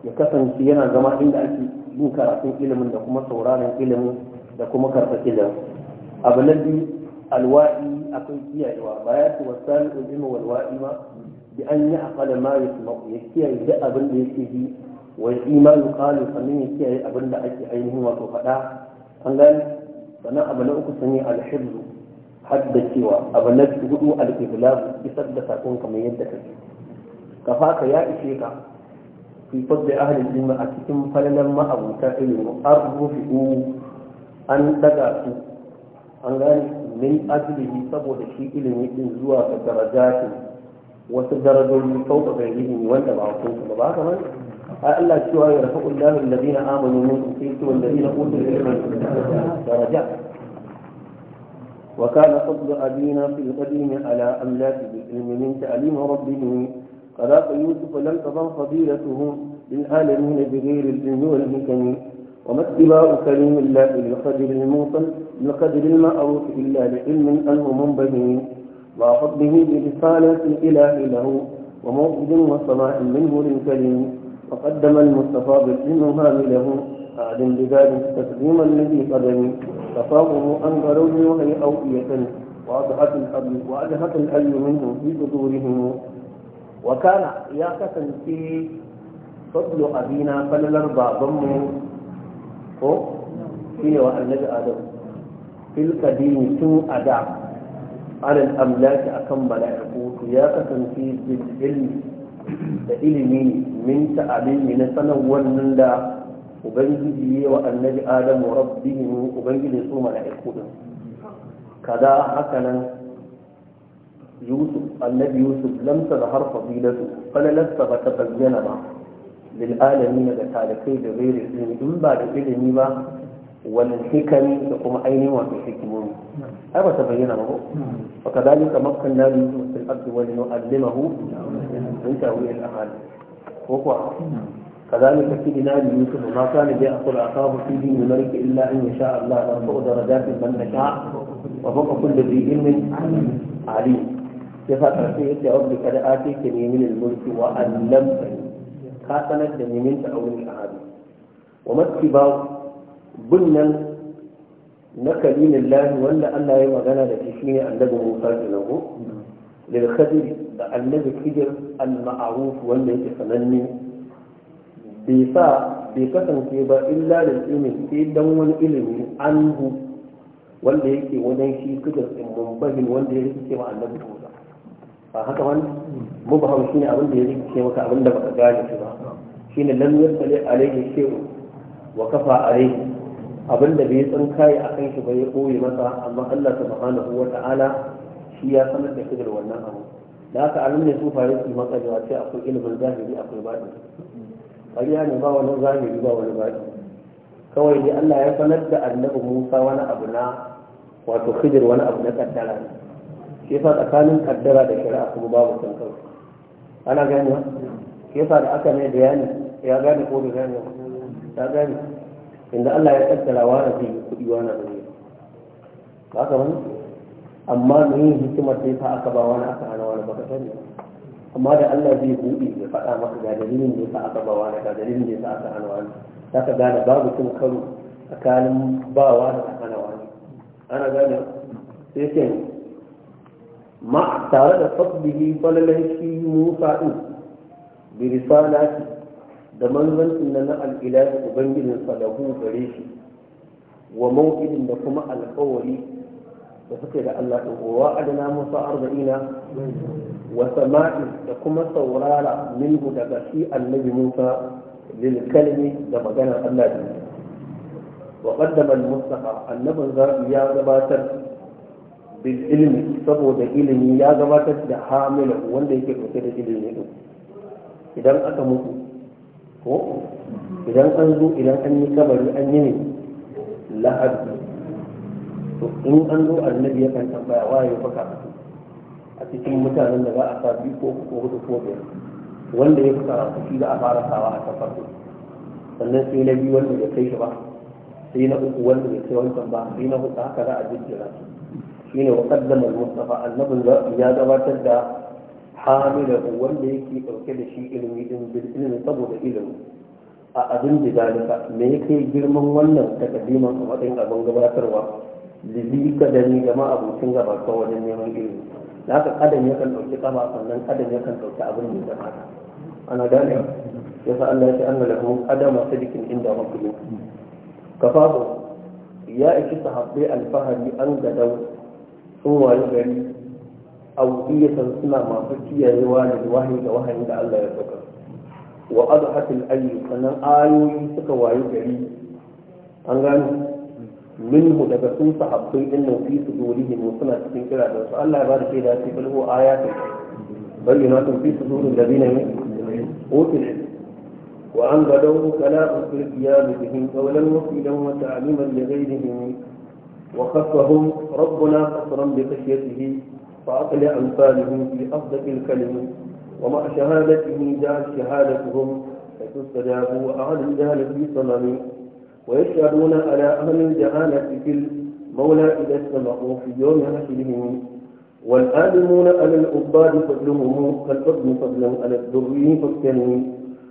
ya kasance yana zama inda ake yin karatun ilimin da kuma sauraron ilimin da kuma karɓar ilimin abu na biyu alwa'i akwai kiyayewa ba ya ce wasu ulimi walwa'i ma bi an yi akala ma ya kuma ya kiyaye duk abin da yake ji wal imanu qalu sannan ya kiyaye abin da ake ainihin wato faɗa an gani sannan abu na uku sani alhibzu haddacewa abu na hudu alkiblabu isar da sakon kamar yadda kake ka faka ya ishe ka في فضل أهل الجنة كم فلنا ما أبو تائل أرفعوا أن تدعوا أن من أجله سبب الشيء يتنزوا في درجات وتدرجوا فوق غيرهم وأنت بعضكم بعض من ألا شوى يرفق الله الذين آمنوا منكم فيكم والذين أوتوا العلم درجات وكان فضل أبينا في القديم على أملاكه بالعلم من تعليم ربه طلاق يوسف لم تظن فضيلته للعالمين بغير الجن والهكم وما اتباع كريم الله للقدر الموصل للقدر المعروف إلا لعلم أنه منبهي وأخذه برسالة الإله له وموقد وصلاح منه للكريم وقدم المصطفى بالعلم هامله أعلم بذلك تقديما الذي قدم تفاهم أن غروا أوئية وأضحت الحبل وأضحت الأبي منه في صدورهم wakala ya kasance fadlu abina falalar babanmu ko shine wa annabi adam fil tun a da alal amlaki akan mala'iku ya kasance bil ilmi da ilimi min ta'alimi na sanar wannan da ubangiji ya wa annabi adamu rabbihim ubangiji su mala'iku din kaza haka nan yusuf annabi yusuf lamsa da har fadilatu falalasta ba ta bayyana ba lil'alami daga talakai da gairi ilimi in ba da ilimi ba wani hikami da kuma ainihin wato hikimomi ai ba ta bayyana ba wa kadalika makkan na yusuf fil ardi wa يوسف ما كان ليأخذ أخاه في دين الملك إلا أن يشاء الله نرفع درجات من نشاء وفوق كل ذي علم عليم sai haka sai yake abu kada ake ke ne min wa annan allamtani ka sanar da nemin ta aure a hadu wa mattiba ba nan na kalilin lahi wanda Allah ya magana da shi shine annabi Musa kenan ko Daga khadir da annabi khidir al ma'ruf wanda yake sananne bai sa bai kasance ba illa da ilimin sai dan wani ilimi anhu wanda yake wajen shi kudin imambahin wanda ya rikice wa annabi Musa ba haka wani mubham shine abin da ya rikice maka abin da baka gane shi ba shine lam yasali alayhi shay'u wa kafa alayhi abin da bai tsinkaye a kan shi ba ya koyi masa amma Allah subhanahu wa ta'ala shi ya sanar da kidar wannan abu da haka alim ne su fare su maka da wace akwai ilimin zahiri akwai baɗi ƙarya ne ba wani zahiri ba wani baɗi kawai dai Allah ya sanar da annabi Musa wani abu na wato khidir wani abu na kaddara ne ke sa tsakanin kaddara da shari'a kuma babu san ana gani ke sa da aka mai bayani ya gane ko da gane ya gane inda Allah ya kaddara wani zai kuɗi wani zai ba ka wani amma me yin hikimar sai ta aka ba wani aka hana wani baka sani amma da Allah zai buɗe ya faɗa maka ga dalilin da ya sa aka ba wani ga dalilin da ya sa aka hana wani za ka gane babu cin karo tsakanin ba wani aka hana wani ana gane sai ce ma tare da fadlihi falalan shi musa din bi risalati da manzancin na al'ilahi ubangijin salahu gare shi wa mawqidin da kuma alƙawari da suke da Allah din wa adana musa arba'ina wa sama'i da kuma saurara minhu daga shi annabi musa lil kalmi da magana Allah din wa qaddama al-mustafa annabi zabi ya gabatar bil ilmi saboda ilimi ya gabatar da hamila wanda yake ɗauke da ilimi ɗin idan aka mutu ko idan an zo idan an yi kabari an yi ne lahadi to in an zo annabi yakan tambaya waye baka a cikin mutanen da za a sa biyu ko ko hudu ko biyar wanda ya fi karatu shi za a fara sawa a kan farko sannan sai na biyu wanda ya kai shi ba sai na uku wanda ya kai wancan ba sai na hudu haka za a jijjira su Shi ne qaddama al-mustafa annabin ya gabatar da hamilahu wanda yake dauke da shi ilimi din bil saboda ilimi a abin da zalika me ya yake girman wannan takaddiman a matsayin abin gabatarwa lizi kadami ga ma abokin gabatar wajen neman ilimi da haka kadan kan dauki kama sannan kadan kan dauki abin da ya kamata ana gane ya sa Allah ya ce anna lahum adama sadiqin inda rabbihim kafafu ya ishi sahabbai alfahari an gadau sun wayi gari iya suna masu kiyayewa da wahayi da wahayi da Allah ya saka wa adhatil ayyu sannan ayoyi suka wayi gari an gano minhu daga sun sahabbai din nan fi sudurihim suna cikin kira da su Allah ya ba da shi da shi balhu ayatun bayyinatun fi sudurin ladina utul وأنزلوه كلاء في القيام بهم قولا مفيدا وتعليما لغيرهم وخصهم ربنا قصرا بخشيته فأقل أمثاله في أصدق الكلم ومع شهادته جاء شهادتهم فتستجاب وأهل الجهل في صنم ويشهدون على أهل الجهالة في المولى إذا استمعوا في يوم حشرهم والآدمون على العباد فضلهم كالفضل فضلا على الذري فاكتني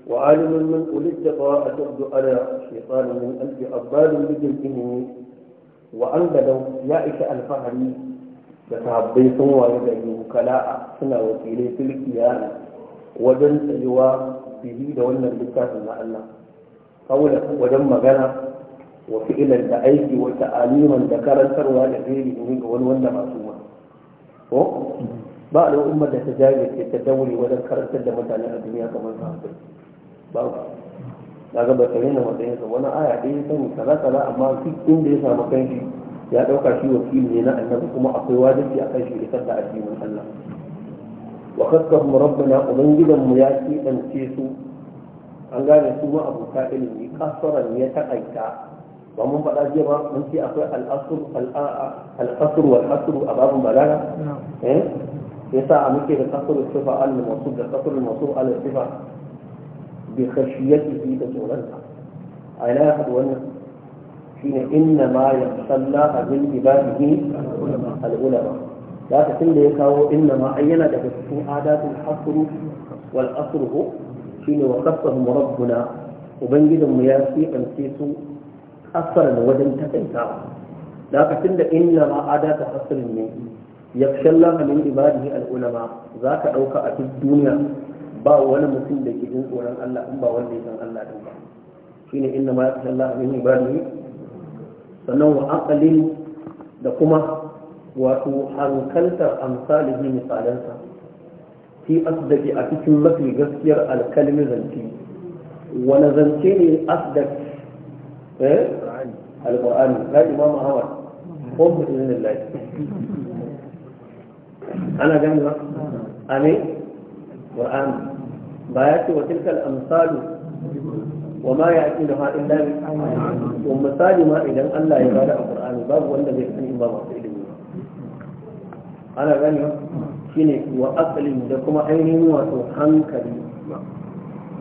وعالم من أولي التقى أشد على شيطان من ألف عباد بجلدهم wa an ya isa alfahari da sahabbai sun waye da kala'a suna wakilai filkiyana wajen tsayuwa fili da wannan littafin na Allah kawula wajen magana wa fi'ilan da aiki wa ta'aliman da karantarwa da gairi ne ga wani wanda masu ma ko ba al'ummar da ta jage ta daure wajen karantar da mutane a duniya kamar sahabbai ba kaga ba tare da matsayin sa wani aya ɗaya ya sani kaza kaza amma duk inda ya samu kanshi ya ɗauka shi wakili ne na annabi kuma akwai wajibi a kan shi isar a addinin Allah wa kakkahum rabbana ubangidan mu ya kebance su an gane su ma abuta ilimi kasaran ya takaita ba mun faɗa jiya ba mun ce akwai al'asur al'asur wal asr a babun balaga eh yasa muke da kasar sifa al-mawsuf da kasar mawsuf al-sifa bi khashiyatihi da tsoronsa a ina ya faɗi wannan shine inna ma yasalla abin ibadihi al-ulama ka tun da ya kawo inna ma ai yana daga cikin adatul hasru wal asru shine wa qassahum rabbuna ubangijinmu ya sifance su asarar wajen takaitawa da ka da ne ibadihi zaka ɗauka a duk duniya ba wani mutum da ke jin tsoron Allah in ba wanda ya san Allah din ba shine inna ma yaqsha Allah min ibadihi sannan wa aqlin da kuma wato hankaltar amsalihi misalansa fi asdaqi a cikin mafi gaskiyar alkalmi zance wani zance ne asdaq eh alqur'ani la imam ahmad ko mutum ne ana gani ba amin qur'ani ba ya ce wa tilkal amsalu wa ma ya'qiluha illa bi to misali ma idan Allah ya bada a qur'ani babu wanda bai zai sani ba masu ilimi ana gani shine wa asalin da kuma ainihin wato hankali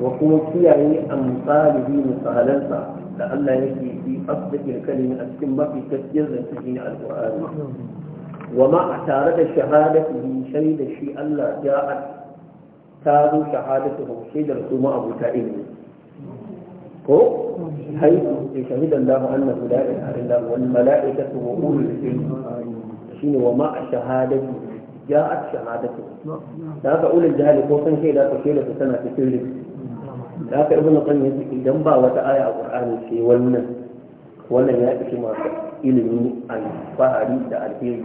wa kuma kiyaye amsalihi misalansa da Allah yake bi asdaqil kalimi a cikin mafi gaskiyar zance shine alqur'ani wa ma tare da shahadatihi shaida shi Allah ja'at ta zo shahadatu hum shaidar su ma abuta ilimi ko haitu ya shahidan lahu annahu la ilaha illa huwa wal mala'ikatu wa ulul ilmi shine wa ma shahadatu ja'at shahadatu da haka ulul jahali ko san shaida ko shaida tana cikin rubutu da haka ibn qayyim yace idan ba wata aya a qur'ani ce wannan wannan ya ishi masu ilimi alfahari da alheri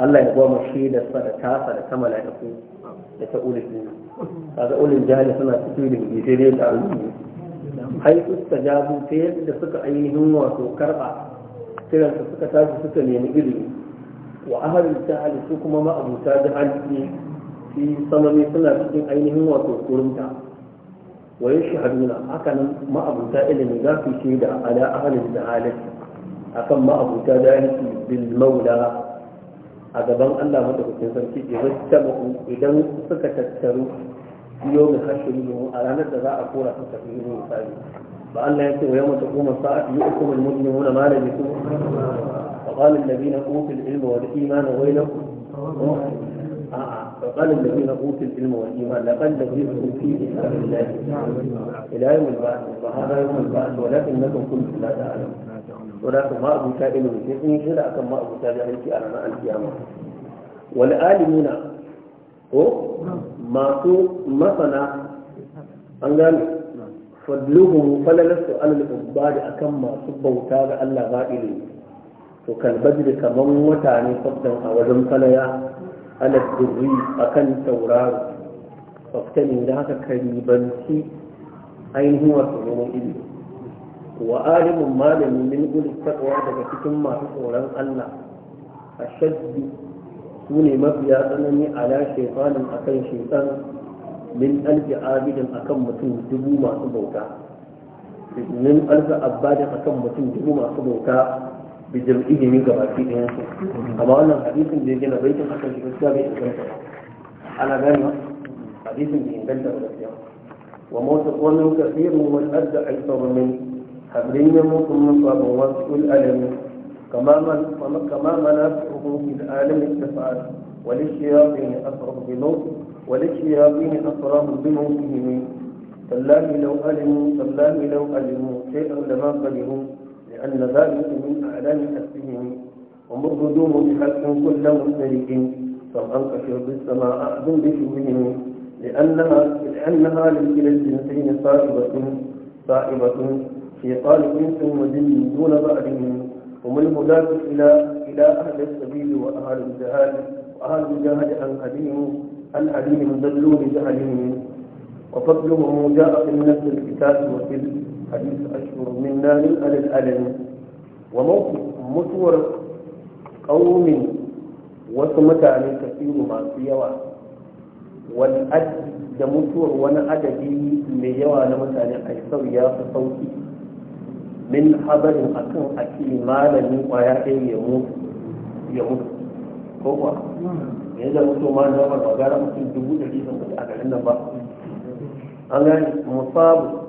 Allah ya goma shi da da tasa da ta mala'iku da ta ulul kaga ulul jahili suna fito da bi sai dai da alimi hai ustajabu ta yadda suka ainihin wato karba kiran su suka tashi suka nemi ilimi wa ahlul jahili su kuma ma abuta jahili fi samami suna cikin ainihin wato kurunta wa yashhaduna haka nan ma ilimi za su shaida ala ahlul jahili akan ma abuta jahili bil maula a gaban Allah wanda madaukakin sarki ke idan mu idan suka tattaru yau mai hashiru mu a ranar da za a kora su tafi mu misali ba Allah ya ce wa yamma taquma sa'at yu'kum al-mujrimuna ma lam yakun fa qala alladhina utul ilma wal imana waylakum فقال الذين اوتوا العلم والايمان لقد لبثتم في كتاب الله الى يوم البعث وهذا يوم البعث ولكنكم kuntum la ta'lamun to da ma abuta ilimi sai sun yi shida akan ma abuta jahilci a ranar alkiyama alimi na ko masu masana an gane fadluhu falalastu alal ubadi akan masu bauta ga Allah ba ilimi to kalbajri kaman kamar mutane sabdan a wajen falaya alal a kan tauraro faktani da haka karibanci ainihin wasu neman ilimi wa alimun malami min gudu takwa daga cikin masu tsoron Allah a shaddu su ne mafiya tsanani a ala shefanin akan shekan min alfi abidin akan mutum dubu masu bauta min alfi abadin akan mutum dubu masu bauta bijir ilimin gabaki ɗayansu amma wannan hadisin da ya gina baitin akan shi gaskiya bai inganta ba ana gani hadisin bai inganta ba gaskiya wa mawsa wani kasirin wani adda aisa wa min حبلين يموت مصاب ومسئ الألم كما كما منافعه في العالم التفعل وللشياطين أسره بموت وللشياطين أسره بموتهم تالله لو علموا تالله لو علموا شيئا لما قلموا لأن ذلك من أعلام حسبهم ومردوه بحق كل فم فانكشر بالسماء أعظم بشبههم لأنها لأنها لكلا الجنسين صائبة صائبة قال انتم وجن بعد منكم ومن هناك إلى إلى أهل السبيل وأهل الجهاد وأهل الجهاد عن عليم عن عليم ذلوا بجهلهم وفضلهم جاء في نفس الكتاب وفي الحديث أشهر من نار على الألم وموت متور قوم وسمت عن كثير ما في يوا والأد da mutuwar wani adadi mai yawa na صوتي min habarin a akan akili malamin kwaya ɗaya ya mutu ya mutu ko kuwa ya zama to ma na wani magana mutum dubu ɗari sun mutu a garin nan ba an gani musabu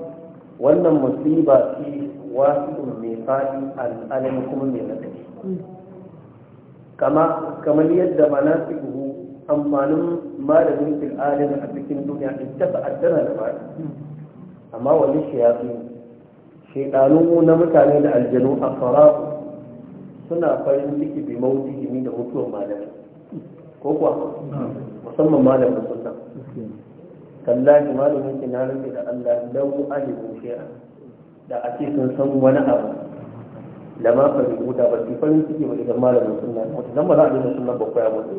wannan musiba ce wasu mai faɗi al'alin kuma mai nasari kama kamar yadda manasihu amfanin malamin fil'alin a cikin duniya in ta ta'addana da ba hmm. amma wani shi ya fi shaidanu na mutane da aljanu a faraku suna farin ciki bi gini da mutuwar malamai ko kuwa musamman malamin sunna tallahi malamin rufe da Allah lau alibu shi'a da a ce sun san wani abu da ma fari rubuta ba su farin ciki ba idan malamin sunna wata zama za a dinga sunna ba koya mutu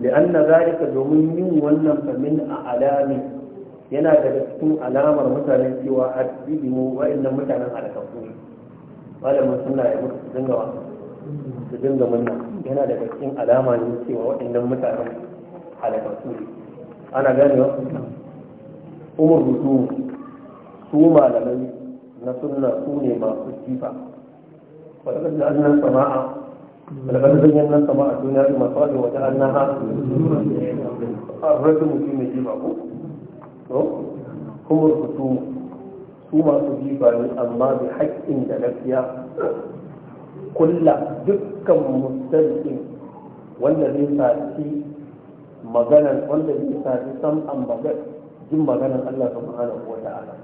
li'anna zarika domin yin wannan famin a alamin yana daga cikin alamar mutanen cewa addibimu wa'annan mutanen halakakku ne malamin suna ya mutu su dinga wa su dinga munna yana daga cikin alama ne cewa wa'annan mutanen halakakku ne ana ganewa umar rutu su malamai na sunna su ne masu sifa ولقد جعلنا السماء ولقد زينا السماء الدنيا بمصالح وجعلناها الرجل mai مجيب ko. kuma rukutu su masu jifa ne amma bi haƙƙin da gaskiya kulla dukkan mustalin wanda zai sati maganar wanda zai saci sam'an jin maganar Allah subhanahu wa ta'ala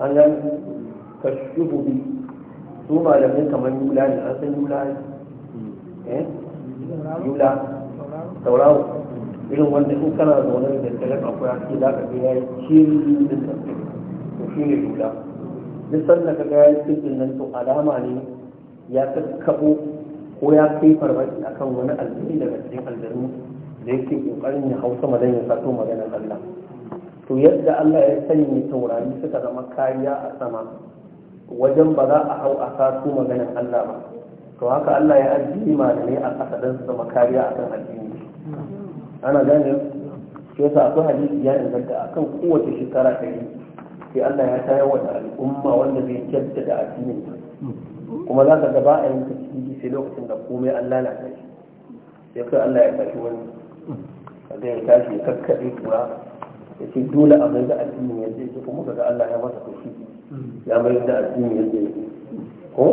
an yan kashubu bi su malamai kamar yula ne an san yula ne eh yula tauraro irin wanda in kana zaune da tattalin akwai haske za ka ga ya yi da tafi to shi ne lula duk sanda ka ga ya nan to alama ne ya kakkaɓo ko ya kai farmaki akan wani aljini daga cikin aljanu da yake kokarin ya hausa madan ya sato maganar Allah to yadda Allah ya sanya taurari suka zama kariya a sama wajen ba za a hau a sato maganar Allah ba to haka Allah ya ajiye malamai a ƙasa don su zama kariya akan addini ana gane shi yasa akwai hadisi ya inganta akan kowace shekara ta yi. sai Allah ya tayar wa da al'umma wanda zai da addinin kuma za ka ga ba a yin tasiri sai lokacin da komai Allah na kai ya kai Allah ya tashi wani kaga ya tashi ya kakkaɗe kura ya ce dole a mai da addinin yadda yake kuma kaga Allah ya masa kashi ya mai da addinin yadda yake ko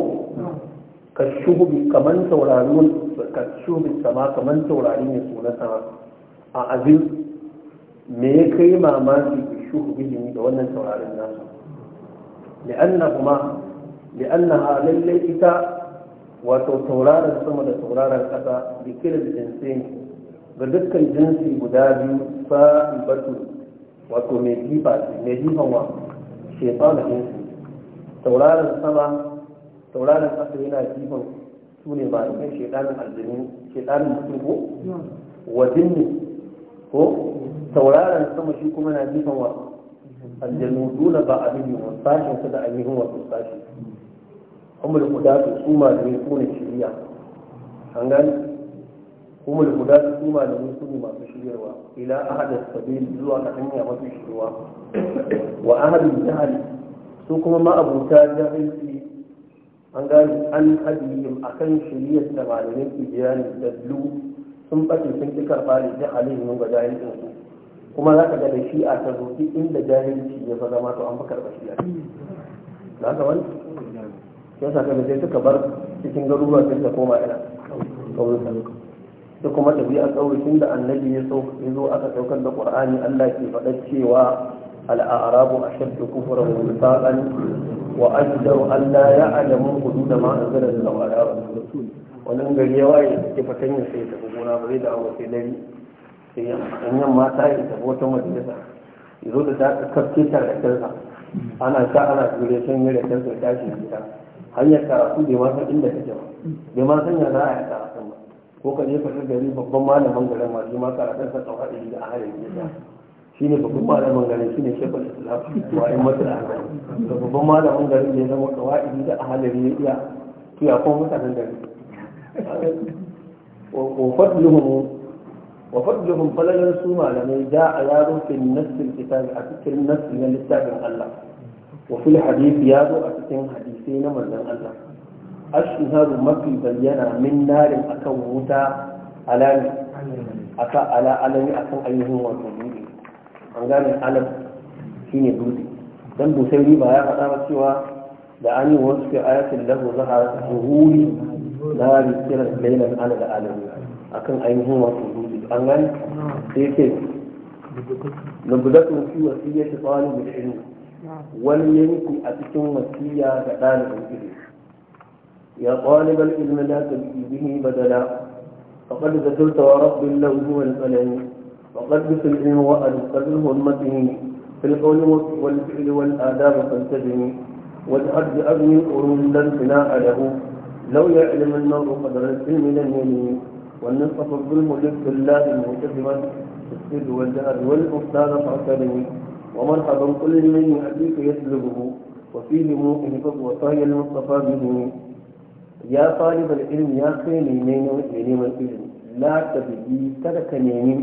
ka shubi kaman sauraron ka shubi sama kaman saurari ne sunan sama a azim me ya kai mamaki shuhu bihim da wannan taurarin nasu kuma? li'annahuma a lallai ita wato tauraron sama da tauraron ƙasa da kira da jinsi ga dukkan jinsi guda biyu sa'ibatu wato mai jifa mai jifan wa da jinsi tauraron sama tauraron ƙasa yana jifan su ne ba ne shedanin aljini shedanin mutum ko wa jinni ko tauraron sama shi kuma na jifan wa aljanu dole ba abin yi wa sashen su da ainihin wasu sashi kuma da kudatu su ma da ne su ne shirya an gani kuma da kudatu su ma da ne su ne masu shiryarwa ila ahadar sabil zuwa ga hanya mafi shirwa wa ahadin jihar su kuma ma'abuta jahilci an gani an hadiyim akan shiryar da malamai ke bayani da lu sun bace sun ki karɓa ne da alimin ga jahilcin su kuma za ka ga da shi'a ta zo duk inda jahilci ya fa zama to an fi karɓa shi'a za ka wani ya sa kaga sai suka bar cikin garuruwa sai ta koma ina kauyuka sai kuma tabi'a tun da annabi ya zo aka saukar da qur'ani Allah ke faɗa cewa الأعراب أشد كفرا ونفاقا وأجدر أن لا يعلموا حدود ما أنزل الله على رسوله wannan gari ya waye da ke yin sai tafi gona ba zai da awa sai dare sai yan mata ya tafi wata majalisa ya zo da ta kafke ta da kansa ana sa ana jure sun yi da kansa ya gida hanyar karatu bai ma san inda kake ba bai ma san ya za a yi karatun ba ko ka je ka gari babban malamin garin ma shi ma karatun sa tsawon haɗari da harin gida shi ne babban malamin garin shi ne shekul islam wa in mutu da babban malamin garin ne zama tsawon haɗari da ahalin gida to ya kuma mutanen garin وفضلهم وفضلهم ينسوا ما لم جاء ياد في النفس الكتاب أتكر النفس من الكتاب الله وفي الحديث ياد أتكر حديثين من الله أشهر مكي بينا من نار أكون متى على أكا على علي أيه هو والمؤمنين أن قال العلم شيني دوسي dan busai ba ya faɗa ba cewa da an yi wasu fi na kiran lailan ana da alami akan ainihin wato rubi an gani sai yake nubuzatun fi wasiyya ta tsawani da ilmi wani yanki a cikin wasiya ga ɗalibin ilmi ya ɗaliban ilmi la tabi bihi badala فقد ذكرت ورب له هو القلم وقد بسمع وألقى بهمته في القول والفعل والآداب فانتبه والأرض أبني قرون لا له لو يعلم المرء قدر العلم لم يلين والنصف الظلم لبس الله في السر والجهل والبهتان فاعتلم ومرحبا كل من يأتيك يسلبه وفيه موقف فهي المصطفى به يا طالب العلم يا خيري من علم العلم لا تبدي ترك نيم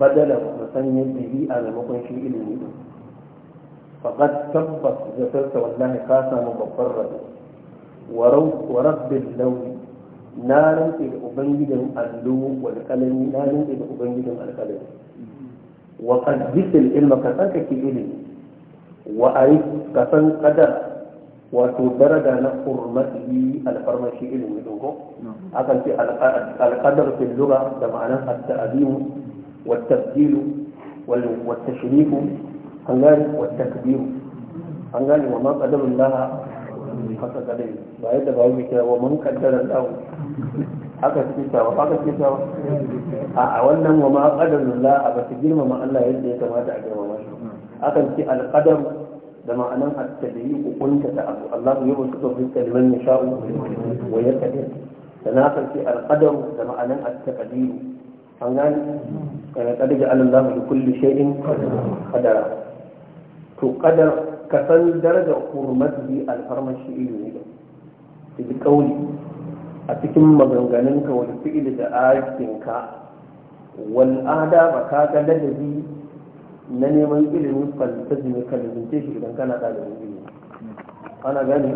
بدل مسني به على مكن في علمه فقد تبت جسرت والله خاصة مبررة wa rabbin launi na rantse da ubangijin allo wal kalami na rantse da ubangijin alkalami wa qaddisil ilma ka san kake ilimi wa arif ka wato daraja na hurmati alfarmashi ilimi din ko akan ce da ma'anar at-ta'zim wa at wa ma haka kadai ba yadda ba kira wa kaddara dawo haka suke cewa haka suke cewa a wannan wa ma qadarullah a ba su girmama Allah yadda ya kamata a girmama shi akan ce alqadar da ma'anan at-tadbiq kunta ta abu Allah ya wasu da kalman ya sha'u wa ya kadir da ma'anan at an gani Allah da kulli shay'in qadara to qadar ka san daraja hurmatihi alfarmar shi ilimi ne da ji kauli a cikin maganganunka wani fi'il da aikinka wal adaba ka ga ladabi na neman ilimin falsafi ne ka lalace shi idan kana da ilimi ana gane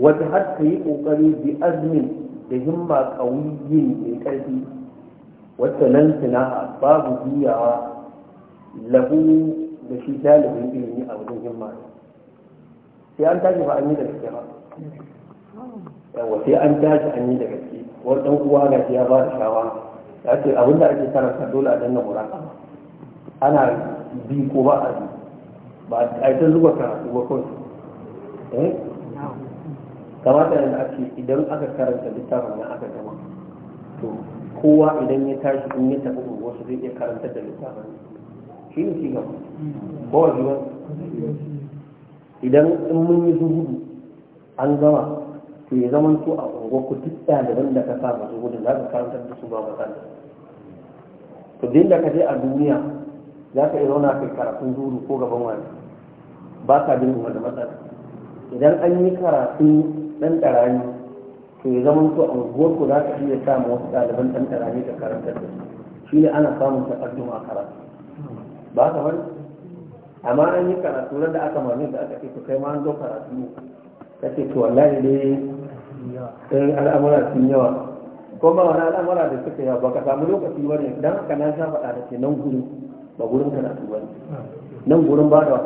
wata har ka yi ƙoƙari bi azmin da himma ƙauyin mai ƙarfi wata nan sina'a babu biyawa lahu da shi dalibin ilimi a wajen himma sai an tashi ba an yi da gaske ba yawa sai an tashi an yi da gaske wani ɗan uwa ga ya ba da shawara ya ce abin da ake karanta dole a danna mura ana bi ko ba a bi ba a yi ta zuba karatu ba kawai eh? kamata yanzu ake idan aka karanta littafin nan aka gama to kowa idan ya tashi in ya tafi wasu zai iya karanta da littafin shi ne shi gaba ko wajen idan in mun yi zuhudu an gama to ya zama to a unguwarku duk ɗaliban da ka saba zuhudu za ka karantar da su ba matsala to din da ka je a duniya za ka iya zauna kai karatun zuhudu ko gaban wani ba ka bin wani matsala idan an yi karatun ɗan ɗarani to ya zama to a ku za ka iya samun wasu ɗaliban ɗan ɗarani da karantar da su shi ne ana samun takaddum a karatu ba ka wani amma an yi karatu da aka mamin da aka fito kai ma an zo karatu ka ce to wallahi dai in al'amura sun yawa ko ba wani al'amura da suka yawa ba ka samu lokaci ba ne don haka na sha faɗa da ke nan gurin ba gurin karatu ba nan gurin ba da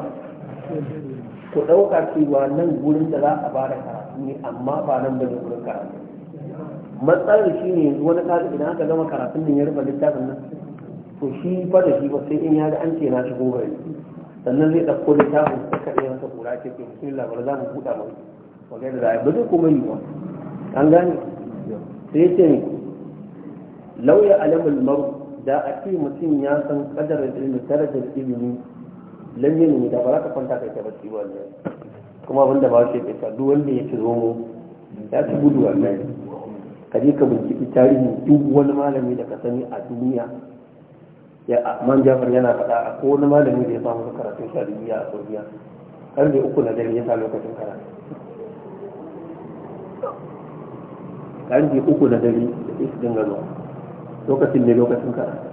ku ɗauka cewa nan gurin da za a ba da karatu ne amma ba nan ba ne gurin karatu matsalar shi ne wani kaga idan aka gama karatun da ya rufe littafin nan to shi fa da shi ba sai in ya ga an ce na shigo gari sannan zai ɗauko littafin da ka iya masa kura ce ke mutum labar za mu buɗa mai wajen da zai ba zai kuma yi ba an gane sai ya ce ne lauya alamul maru da a ce mutum ya san kadarar ilimi darajar ilimi lalle ne da ba za ka kwanta kai ta bacci ba ne kuma abin da ba shi bai ta duk wanda ya ci zomo ya ci gudu wannan ka je ka binciki tarihin duk wani malami da ka sani a duniya ya man jafar yana faɗa a wani malami da ya samu karatu shari'a a saudiya har da uku na dare ya sa lokacin karatu kan ji uku na dare da isu dinga zuwa lokacin ne lokacin karatu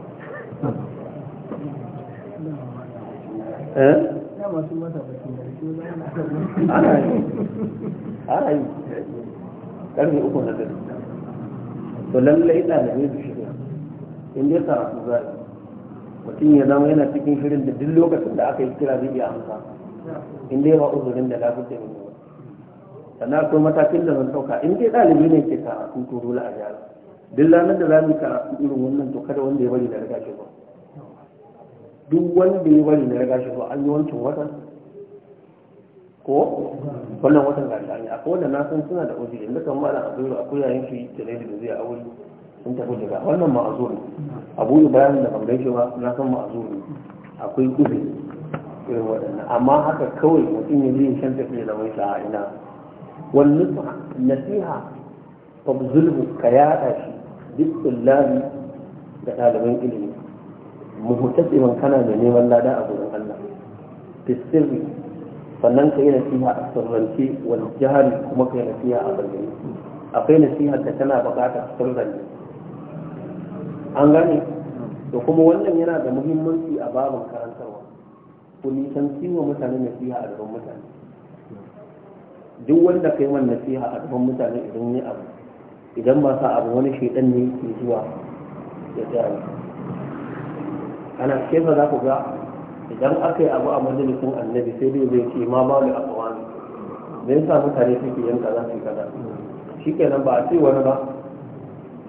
eh? ana yi ana yi karfe uku na dare to lallai ina da ne shiga in dai karatu zai mutum ya zama yana cikin shirin da duk lokacin da aka yi kira zai iya amsa in dai ba uzurin da lafi da wani sannan akwai matakin da zan sauka in dai ɗalibi ne ke karatu to dole a gyara duk ranar da za mu karatu irin wannan to kada wanda ya bari da riga shi ba duk wanda ya bari da riga shi ba an yi wancan watan ko wannan watan ga shi an yi akwai wanda na san suna da uzuri inda kan malam akwai akwai yayin shi da zai wuri sun tafi daga wannan ma'azur ne abu ibrahim da ban gaishe na san ma'azur ne akwai uzuri irin waɗannan amma haka kawai mutum ya zai shan tafiya da mai sha'a ina wannan nasiha fabzulhu ka yaɗa shi duk tsullari da ɗaliban ilimi tsibin kana da neman lada a gurin Allah fisirri sannan ka yi nasiha a sirrance wal jahari kuma ka yi nasiha a bayyane akwai nasiha da tana buƙatar sirrance an gane da kuma wannan yana da muhimmanci a babin karantarwa ku nisanci wa mutane nasiha a gaban mutane duk wanda kai man nasiha a gaban mutane idan ne abu idan ba sa abu wani shaidan ne ke zuwa ya tsaya ne ana kefa za ku ga idan aka yi abu a majalisun annabi sai dai zai ce ma ba da abuwa ne me sa mutane suke yanka za su yi kaza shi kenan ba a ce wani ba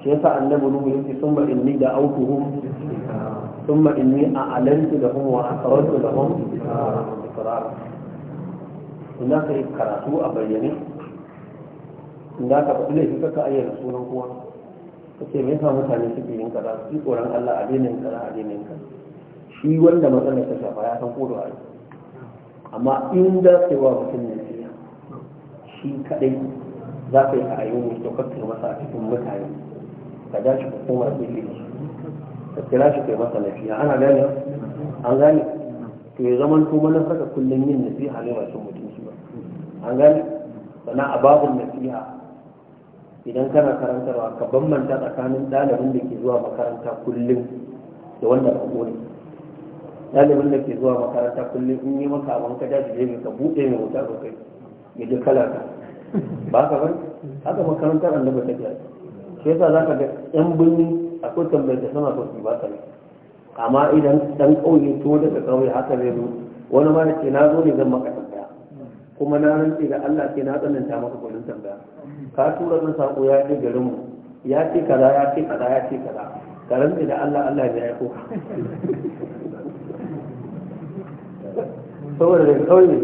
shi yasa annabi nuhu yake summa inni da autuhum summa inni a'lantu lahum wa asrartu lahum iqrar inda yi karatu a bayyane inda ka faɗi laifi kaka ayyana sunan kowa ce me yasa mutane suke yin kaza su tsoron Allah a dainin kaza a dainin kaza shi wanda matsalar ta shafa ya san ko da ai amma in da yi wa mutum ne shi kadai za ka yi a ayyuka to kakka masa a cikin mutane ka ja shi ka koma gefe ka kira shi kai masa nasiha ana gane an gane to ya zaman to saka kullum yin nasiha ne masu mutunci ba an gane sannan a babin nasiha idan kana karantarwa ka bambanta tsakanin ɗalibin da ke zuwa makaranta kullum da wanda ka kone ɗalibin da ke zuwa makaranta kullum in yi maka abin ka dace ne ka buɗe mai wuta ka kai ya ji kalar ka ba ka bari haka makarantar annabi ta ke shi yasa za ka ga yan birni ko tambayar da sama sosai ba ta amma idan dan kauye to daga kauye haka zai zo wani ma ce na zo ne zan maka tambaya kuma na rantse da Allah ce na tsananta maka gurin tambaya ka tura min sako ya ce garin mu ya ce kaza ya ce kaza ya ce kaza ka rantse da Allah Allah ya aiko saboda daga kauye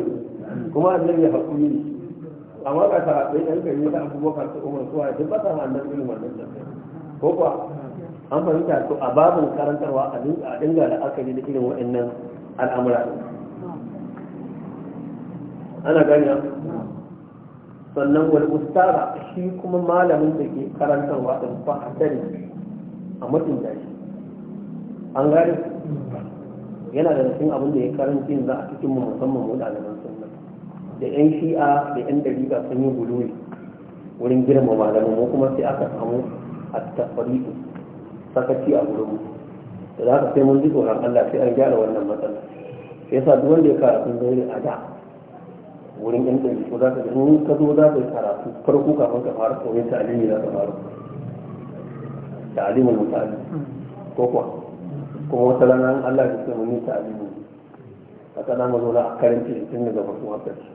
kuma annabi hakuri ne a waka ta haɗe ɗan kan yi da abubakar ta umar suwa duk ba ta hannun irin wannan da ko kuwa an fahimta to a babin karantarwa a dinga da aka yi da irin waɗannan al'amura ana gani sannan wani ustara shi kuma malamin da ke karantarwa ɗin fa a sani a mutunta shi an gani yana da cikin abin da ya karanci yanzu a cikin mu musamman mu ɗalibai da 'yan shi'a da 'yan dariga sun yi guluwi wurin girma malamin mu kuma sai aka samu a tafariku sakaci a gurin da za ka sai mun ji tsoron allah sai an gyara wannan matsala sai yasa duk wanda ya karatu zai a da wurin 'yan dariku za ka in ka zo za ka karatu farko kafin ka fara koyon ta'alimi za ka fara alimin mutane ko kuwa kuma wata rana allah ya ce mun yi ta'alimi a kana na a karanci tun daga farkon wakilci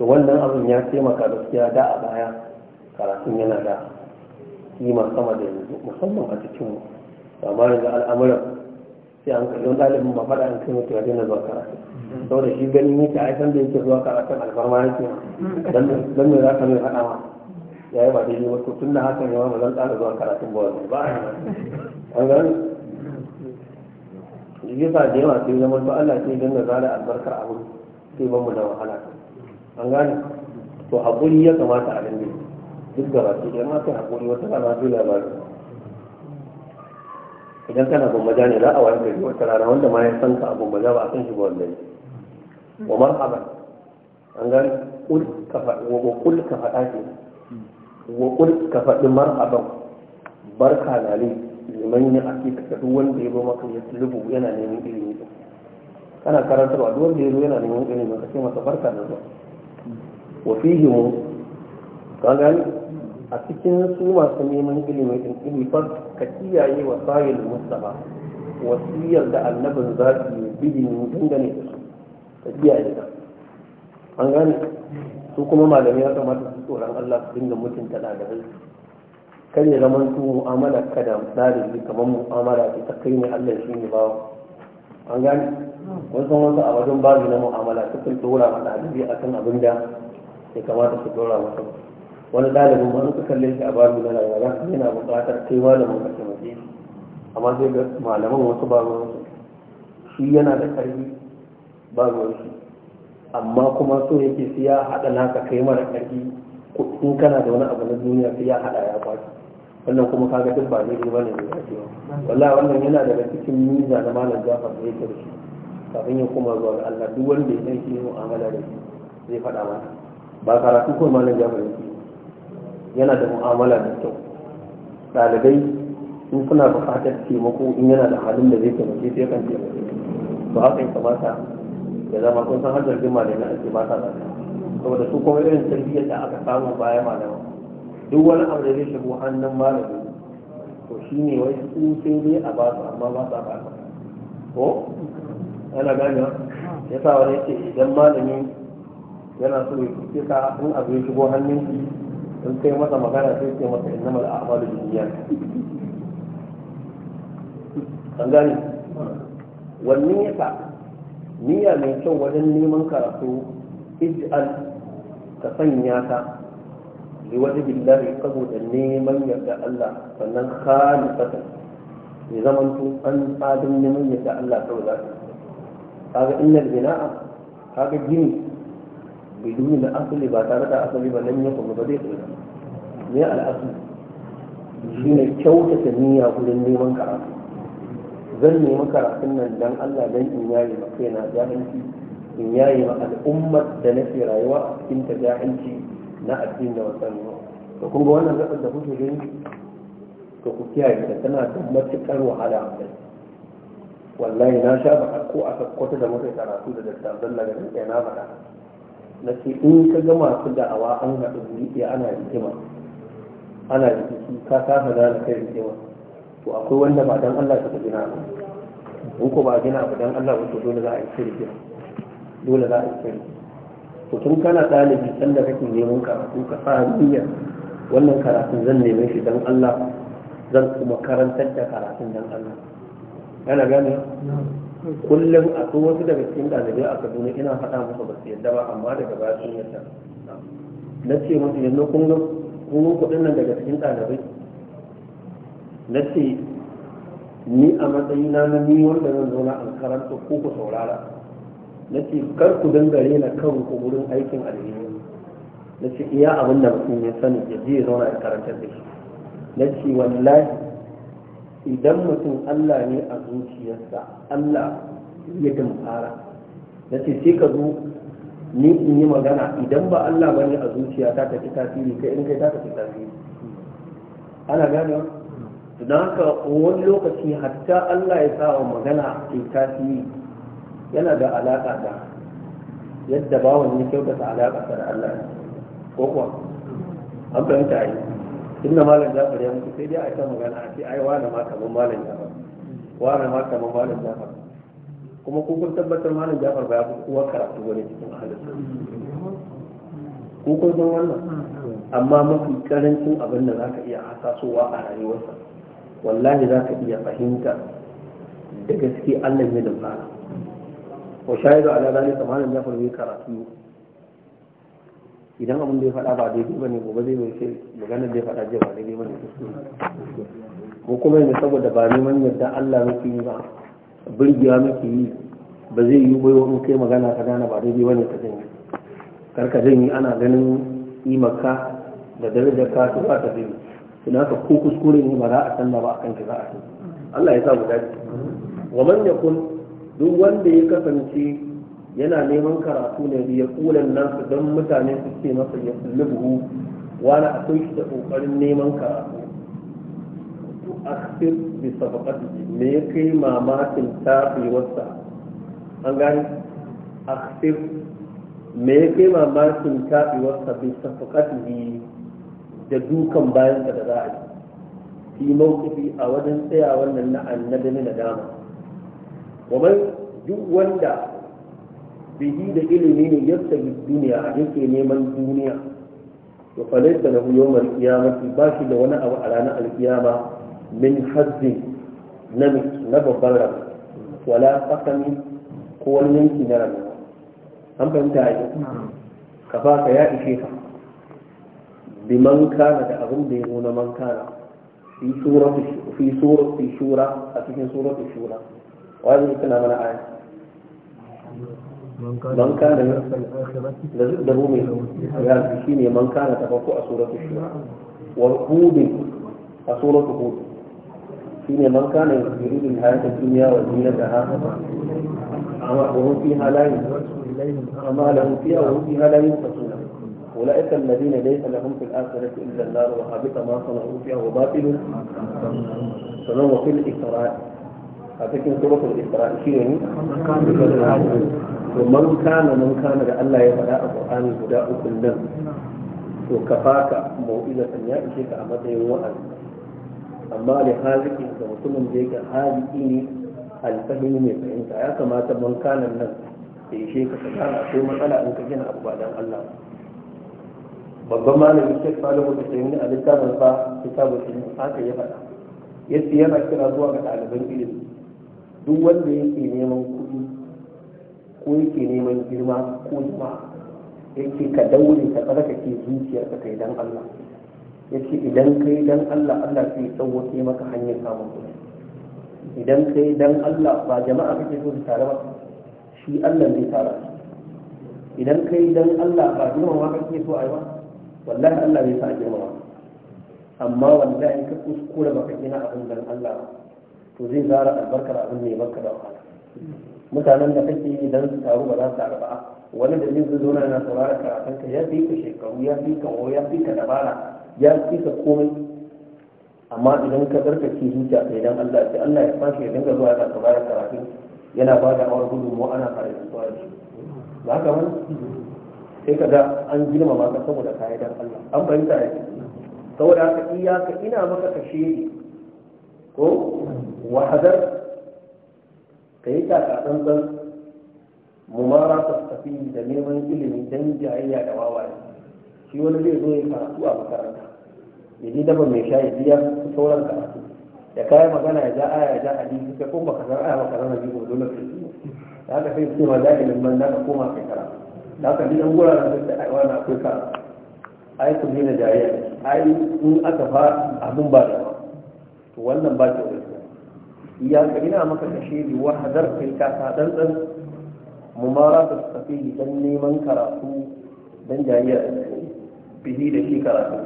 to wannan abin ya taimaka gaskiya da a baya karatun yana da kima sama da yanzu musamman a cikinmu amma yanzu al'amuran sai an kalli ɗalibin ba faɗa an kai mutu ya daina zuwa karatu Sau da shi ganin yake a san da yake zuwa karatun alfarma yake don me za ka mai faɗa ma ya yi ba daidai wasu tun da hakan ma ba zan ƙara zuwa karatun ba wani ba an gani yasa da yawa sai zaman to Allah sai dinga zara albarkar abu sai ban mu da wahala an gane to haƙuri ya kamata a rinne duk da ba su yi. ma kai haƙuri wata rana zai labari idan kana gumbaja ne za a wani gari wata rana wanda ma ya san ka a gumbaja ba a san shi ba wanda ne wa marhaba an gane kul ka wa kul ka faɗa ke wa kul ka faɗi marhaban barka na ne liman ne a cikin ka duk wanda ya zo maka ya tulubu yana neman ilimi kana karantarwa duk wanda ya zo yana neman ilimi ka ce masa barka da zuwa wa fihim kagan a cikin su masu neman ilimin din ilifar ka kiyaye wa sayil mustafa wasiyar da annabin zaki bidin dangane da su ka kiyaye ta an gane su kuma malamai ya kamata su tsoron Allah su dinga mutunta ɗalibai kar ya zama su mu'amala ka da ɗalibi kamar mu'amala ta kai ne Allah shi ne bawa an gane wasu wasu a wajen babu na mu'amala sukan tsora ma ɗalibi akan abin da ya kamata su dora masa wani ɗalibin ma ka kalle shi a babu na rayuwa za su yana buƙatar kai malamin ka taimake shi amma sai ga malaman wasu ba su shi yana da ƙarfi ba shi amma kuma so yake sai ya haɗa naka kai mara ƙarfi in kana da wani abu na duniya sai ya haɗa ya kwaci wannan kuma kaga duk ba ne ba ne da ce wallahi wannan yana daga cikin miza na malam jafar da yake da shi kafin ya koma zuwa ga Allah duk wanda ya san shi mu'amala da shi zai faɗa masa ba karatu ko malam jafar yake yana da mu'amala da kyau ɗalibai in suna buƙatar taimako in yana da halin da zai taimake sai kan taimake ba haka ya kamata ya zama kun san har zargin malamai ake ba ta zata saboda su kuma irin tarbiyyar da aka samu baya malama duk wani abu da zai shigo hannun malami to shine wai su sai dai a ba su amma ba su a ba ko ana ganewa ya sa wani ce idan malami yana so ya kuce ka in abu ya shigo hannun shi in kai masa magana sai ce masa innamal a'malu binniyat an gane wannan yasa niyya mai kyau wajen neman karatu ij'al ka sanya ta liwaji billahi saboda neman yadda Allah sannan khalifatan ya zaman to an tsadin neman yadda Allah kawai za ka kaga innal bina'a ga gini biduni da asali ba tare da asali ba nan ya kuma ba zai tsira ne al'asali shi ne kyautata niyya wurin neman karatu zan nemi karatun nan dan Allah dan in yayi ma kaina jahilci in yayi ma al'ummar da nake rayuwa a cikin ta jahilci na addini da wasan ne to kun ga wannan gaban da kuke gani to ku kiyaye ta tana da matukar wahala a kai wallahi na sha ba ko a sakkwata da muka karatu da Dr. Abdullahi da kai na faɗa na ce in ka ga masu da'awa an haɗu guri ana rigima ana rikici ka kasa da kai rigima to akwai wanda ba dan Allah ka gina ba in ko ba gina ba dan Allah ba to dole za a yi shirki dole za a yi shirki to tun kana ɗalibi san da kake neman karatu ka sa niyyar wannan karatun zan neme shi dan Allah zan kuma karantar da karatun dan Allah yana gane kullum a wasu daga cikin ɗalibai a kaduna ina faɗa musu ba su yadda ba amma daga baya sun yadda na ce musu yanzu kun ga kunun kuɗin nan daga cikin ɗalibai na ce ni a matsayina na ni wanda zan zauna an karanta ko ku saurara na ce kar ku dangare na kan ku wurin aikin alheri na ce iya abin da mutum ya sani ya je ya zauna ya karanta da shi na ce wallahi idan mutum Allah ne a zuciyarsa Allah ya damfara na ce sai ka zo ni in yi magana idan ba Allah ba ne a zuciya ta tafi tasiri kai in kai ta tafi tasiri ana gane don haka wani lokaci hatta Allah ya sa wa magana ke tasiri yana da alaƙa da yadda bawan ya kyautata alaƙa da Allah ko kuwa an fahimta yi inda malam jafar ya mutu sai dai a ta magana a ce ai wani ma kaman malam jafar wani ma kaman malam jafar kuma ko kun tabbatar malam jafar ba ya fi kowa karatu wani cikin halittu ko kun san wannan amma mafi karancin abin da zaka iya hasasowa a rayuwarsa wallahi zaka iya fahimta da gaske Allah ne da fara wa shahidu ala zalika malam jafar bai karatu idan abin da ya faɗa ba daidai ba ne gobe zai mai sai magana da ya faɗa jiya ba daidai ba ne ko kuma yanzu saboda ba neman yadda Allah muke yi ba birgiya muke yi ba zai yi bai wani kai magana ka gane ba daidai ba ne ka janye karka yi ana ganin imaka da darajar ka su ba ta zai su na ko kuskure ne ba za a sanna ba a kan ka za a Allah ya sa guda wa man yakun duk wanda ya kasance yana neman karatu ne ya kulan nan su don mutane su ce masa ya kullubu wani akwai shi da kokarin neman karatu to aksir bi sabaqati me ya kai mamakin tabewarsa an gani aksir me ya kai mamakin wasa bi sabaqati da dukan bayansa da za a yi fi mawqifi a wajen tsaya wannan na annabi na dama wa duk wanda bihi da ilimi ne yadda duniya yake neman duniya to falaita da hu yawmar kiyamati ba shi da wani abu a ranar alkiyama min hazzin na na babban rabu wala tsakani ko wani yanki na rabu an fahimta a ka ba ka ya ishe ka biman kana da abin da ya zo man kana fi sura fi shura a cikin suratul shura wani tana mana aya من كان يرسل الآخرة لزده يا يعني من كان تفوق سورة الشورى والهود سورة هود شيني من كان يريد الحياة الدنيا وزينتها وهم فيها لا أما لهم فيها وهم فيها لا ينفسون أولئك الذين ليس لهم في الآخرة إلا النار وحبط ما صنعوا فيها وباطل سنوى في الإسراء أتكلم سورة الإسراء شيني يعني. to man kana man kana da Allah ya faɗa a Qur'ani guda uku nan to ka faka san ya ishe ka a matsayin wa'azi amma da haziki da mutumin da yake haziki ne alfahimi mai fahimta ya kamata man kana nan da ishe ka a akwai matsala in ka gina abu ba Allah babban malamin Sheikh Salihu da Sayyid a littafin sa kitabu ilmi haka ya faɗa yadda yana kira zuwa ga ɗaliban ilimi duk wanda yake neman kuɗi ko yake neman girma ko jama'a yake ka daure ka tsarka ke zuciya ka kai dan Allah yake idan kai dan Allah Allah sai tsawwake maka hanyar samun kuɗi idan kai dan Allah ba jama'a kake so su tare ba shi Allah zai tara idan kai dan Allah ba girmama kake so a yi ba wallahi Allah zai sa girmama amma wallahi ka kuskura ka gina abin dan Allah to zai zara albarkar abin mai baka da wahala mutanen da kake idan su taru ba za su taru ba wani da zai zo na saurara karatun ka ya fi ka shekaru ya fi ka ya fi ka dabara ya fi ka komai amma idan ka tsarkake zuciya ka idan Allah sai Allah ya fashi ya dinga zuwa yana saurara karatun yana ba da awar gudunmu ana fara zuwa da shi ba haka wani sai ka ga an girmama ka saboda kayan dan Allah an fahimta ya saboda haka iyaka ina maka ka kashe ko wahadar ka yi takatsantsan mumara ta tafi da neman ilimi don jayayya da wawaye shi wani zai zo ya karatu a makaranta ya ji daba mai sha ya biya su sauran karatu ya kayan magana ya ja aya ya ja hadisi sai kuma baka san aya baka san hadisi ba dole sai da haka sai ce ma za ilimin ban da ka koma kai karatu da haka ji na guraren da ai wani akwai ka ai ku ne da jayayya ai in aka fa abun ba da to wannan ba ke ya ka ina maka kashe bi wa hadar kai ka ta dantsan mumara ta tafi dan neman karatu don jariya bihi da shi karatu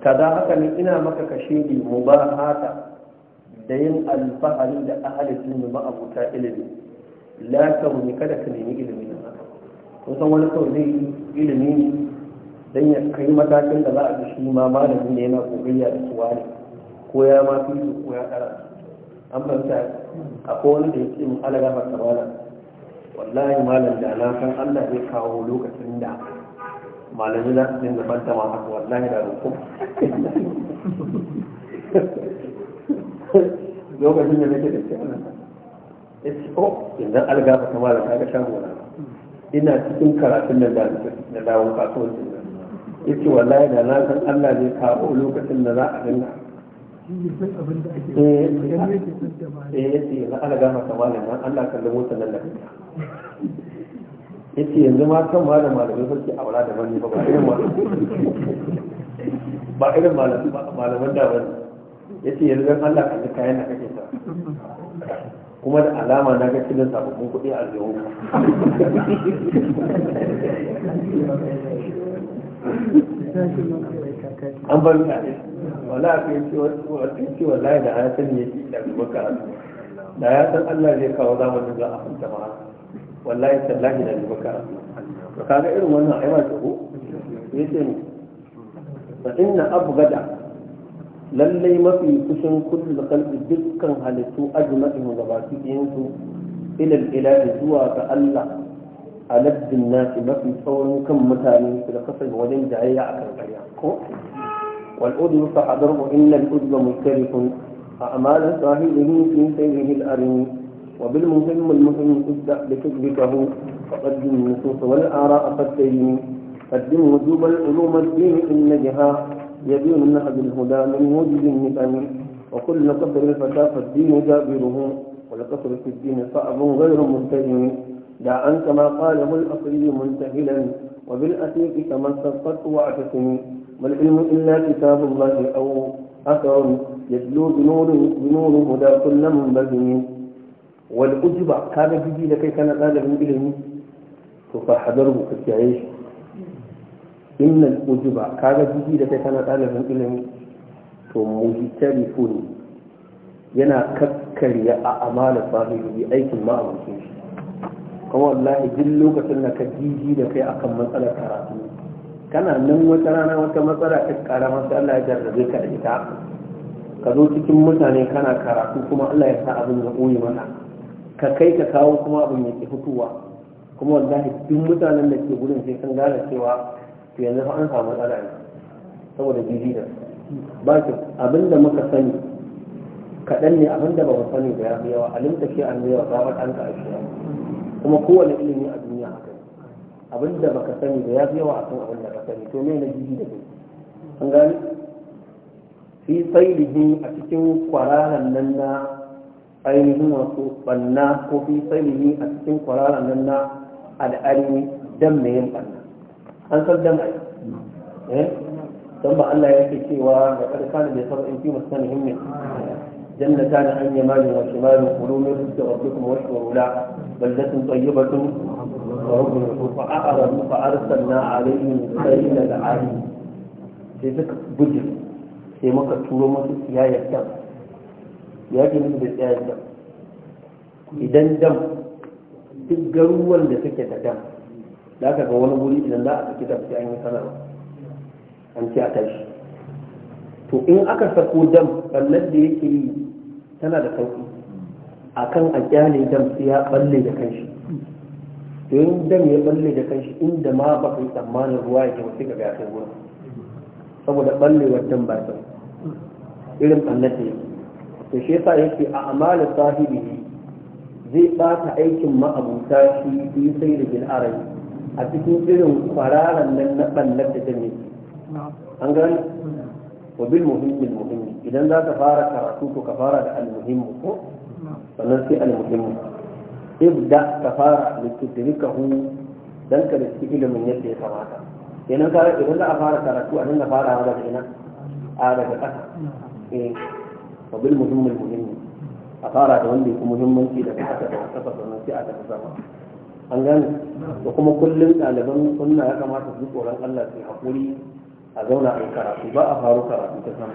kaza haka ne ina maka kashe bi mubahata da yin alfahari da ahalin ilmi ma'abuta ilimi la ne kada ka nemi ilimi da haka kun san wani kawai zai ilimi ne don ya kai matakin da za a shi ma malamin da yana kogayya da suwa ne ko ya ma fi ko ya kara an banta a wani da ya ce mun alaga ba bala wallahi malam da na san Allah zai kawo lokacin da malami za su da banta ma haka wallahi da roƙo lokacin da nake da ke ana ya ce o oh, idan alga ba bala ta ga shago na ina cikin karatun da da dawon kasuwancin ya ce wallahi da na san Allah zai kawo lokacin da za a dinga Eh, eh, eh, ya ce yanzu ma kan ma da malamai sarki a wala da wani ba irin ba irin malaman da wani ya ce yanzu don Allah ka kayan da kake sa kuma da alama na ga cilin sababbin kuɗi a zuwa an wala kai ce wasu ce wallahi da ya sani yake da maka da ya san Allah zai kawo mu za a fanta ma wallahi tallahi da maka Ka ga irin wannan ayyuka ko yace ni fa inna gada, lallai mafi kusan kullu kalbi dukkan halittu ajma'in gabaki ɗayan su ilal ilahi zuwa ga Allah a laddin nasi mafi tsawon kan mutane su da kasance wajen jayayya a kan ko والأذن فحضره إن الأذن مشترك أعمال صاحبه في سيره الأرم وبالمهم المهم ابدأ بكذبته فقدم النصوص والآراء قد تبين قدم وجوب العلوم الدين إن جها يدين نهج الهدى من موجب النقم وكل قدر الفتى فالدين جابره والقصر في الدين صعب غير منتهي دع عنك ما قاله الأصلي منتهلا وبالأثيق كما استفقت واعتصموا ما العلم إلا كتاب الله أو أثر يتلو بنور بنور هدى كل منبذل والأجبة كان بيجي لكي كان طالب من علمي فحضره كتعيش إن الأجبة كان بيجي لكي كان طالب من علمي فمجترفون yana kakkarya a amalar sahibi aikin ma'amucin shi kuma wallahi duk lokacin da ka jiji da kai akan matsalar karatu kana nan wata rana wata matsala ta karama sai Allah ya jarrabe ka da ita ka zo cikin mutane kana karatu kuma Allah ya sa abin ya koyi mana ka kai ka kawo kuma abin ya ke fitowa kuma wallahi duk mutanen da ke gudun sai sun gane cewa to yanzu fa an samu matsala ne saboda jiji ba ki abin da muka sani kaɗan ne abin da ba mu sani da ya fi yawa alimta ke an yawa ba an ka ashiya kuma kowane ilimi a duniya haka abin da baka sani da ya fi yawa akan abin da ka sani to me na jiji da kai an gani fi sailihi a cikin kwararan nan na ainihin wasu banna ko fi sailihi a cikin kwararan nan na al'arni dan mai yin banna an san dan ai eh dan ba Allah yake cewa da karkan da in fi jannata jannatan an yamalu wa shimalu qulubun rabbikum wa shurula بلدة طيبة فأعرضوا فأرسلنا عليهم سيل العريم sai suka gudu sai muka turo masu tsiyayar dam ya gini da tsiyayar dam idan dam duk garuwan da suke da dam za ka ga wani wuri idan za a saki dam sai an yi sanarwa an ci a tashi to in aka sako dam ɓannar da yake yi tana da sauƙi akan a kyale dam ya balle da kanshi don dam ya balle da kanshi inda ma ba kai tsammanin ruwa ya kyau sai ka gasa saboda ballewar dam ba ta irin annata yake to shi yasa yake a amala sahibi zai bata aikin ma'abuta shi yi sai da bil arabi a cikin irin kwararan nan na ballar da dam an gani wa bil muhimmin muhimmi idan za ka fara karatu ko ka fara da al muhimmi ko sannan sai al-muhimmu ibda ka fara hu dan ka riski ilimin yadda ya kamata kenan ka idan za a fara karatu a dinga fara daga ina a daga ƙasa eh fa bil muhimmul muhimmi a fara da wanda yake muhimmanci daga ƙasa da ƙasa sannan sai a daga sama an gane da kuma kullum ɗaliban sunna ya kamata su tsoron Allah su haƙuri a zauna a yi karatu ba a faru karatu ta sama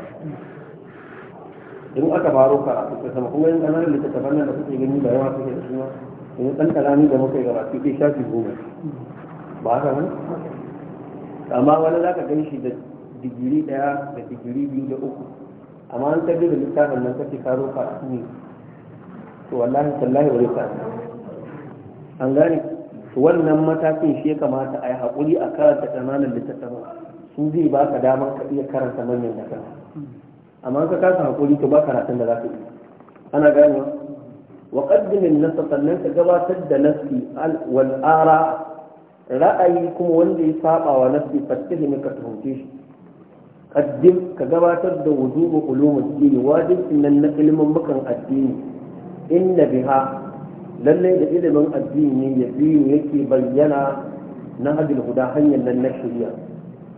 in aka baro karatu ta sama kuma yin ƙananan littattafan nan da kuke gani da yawa suke da shi ma in dan ƙanani da muka yi gaba su ke shafi goma ba haka wani amma wani za ka gan shi da digiri daya da digiri biyu da uku amma an tabbi da littafin nan kake karo karatu ne to wallahi sallahi wa ta an gane wannan matakin shi ya kamata a yi haƙuri a karanta ƙananan littattafan su zai ba ka damar ka iya karanta manyan da kanka amma ka kasa hakuri ka ba karatun da za ka yi ana ganewa wa qaddimin nasa sannan ka gabatar da nasi wal'ara ra'ayi kuma wanda ya saba wa nasi fastihim ka tuhunce shi qaddim ka gabatar da wujubu ulumul din wajibin nan na ilimin bakan addini inna biha lalle da ilimin addini ya biyu yake bayyana na hadil guda hanyar nan na shari'a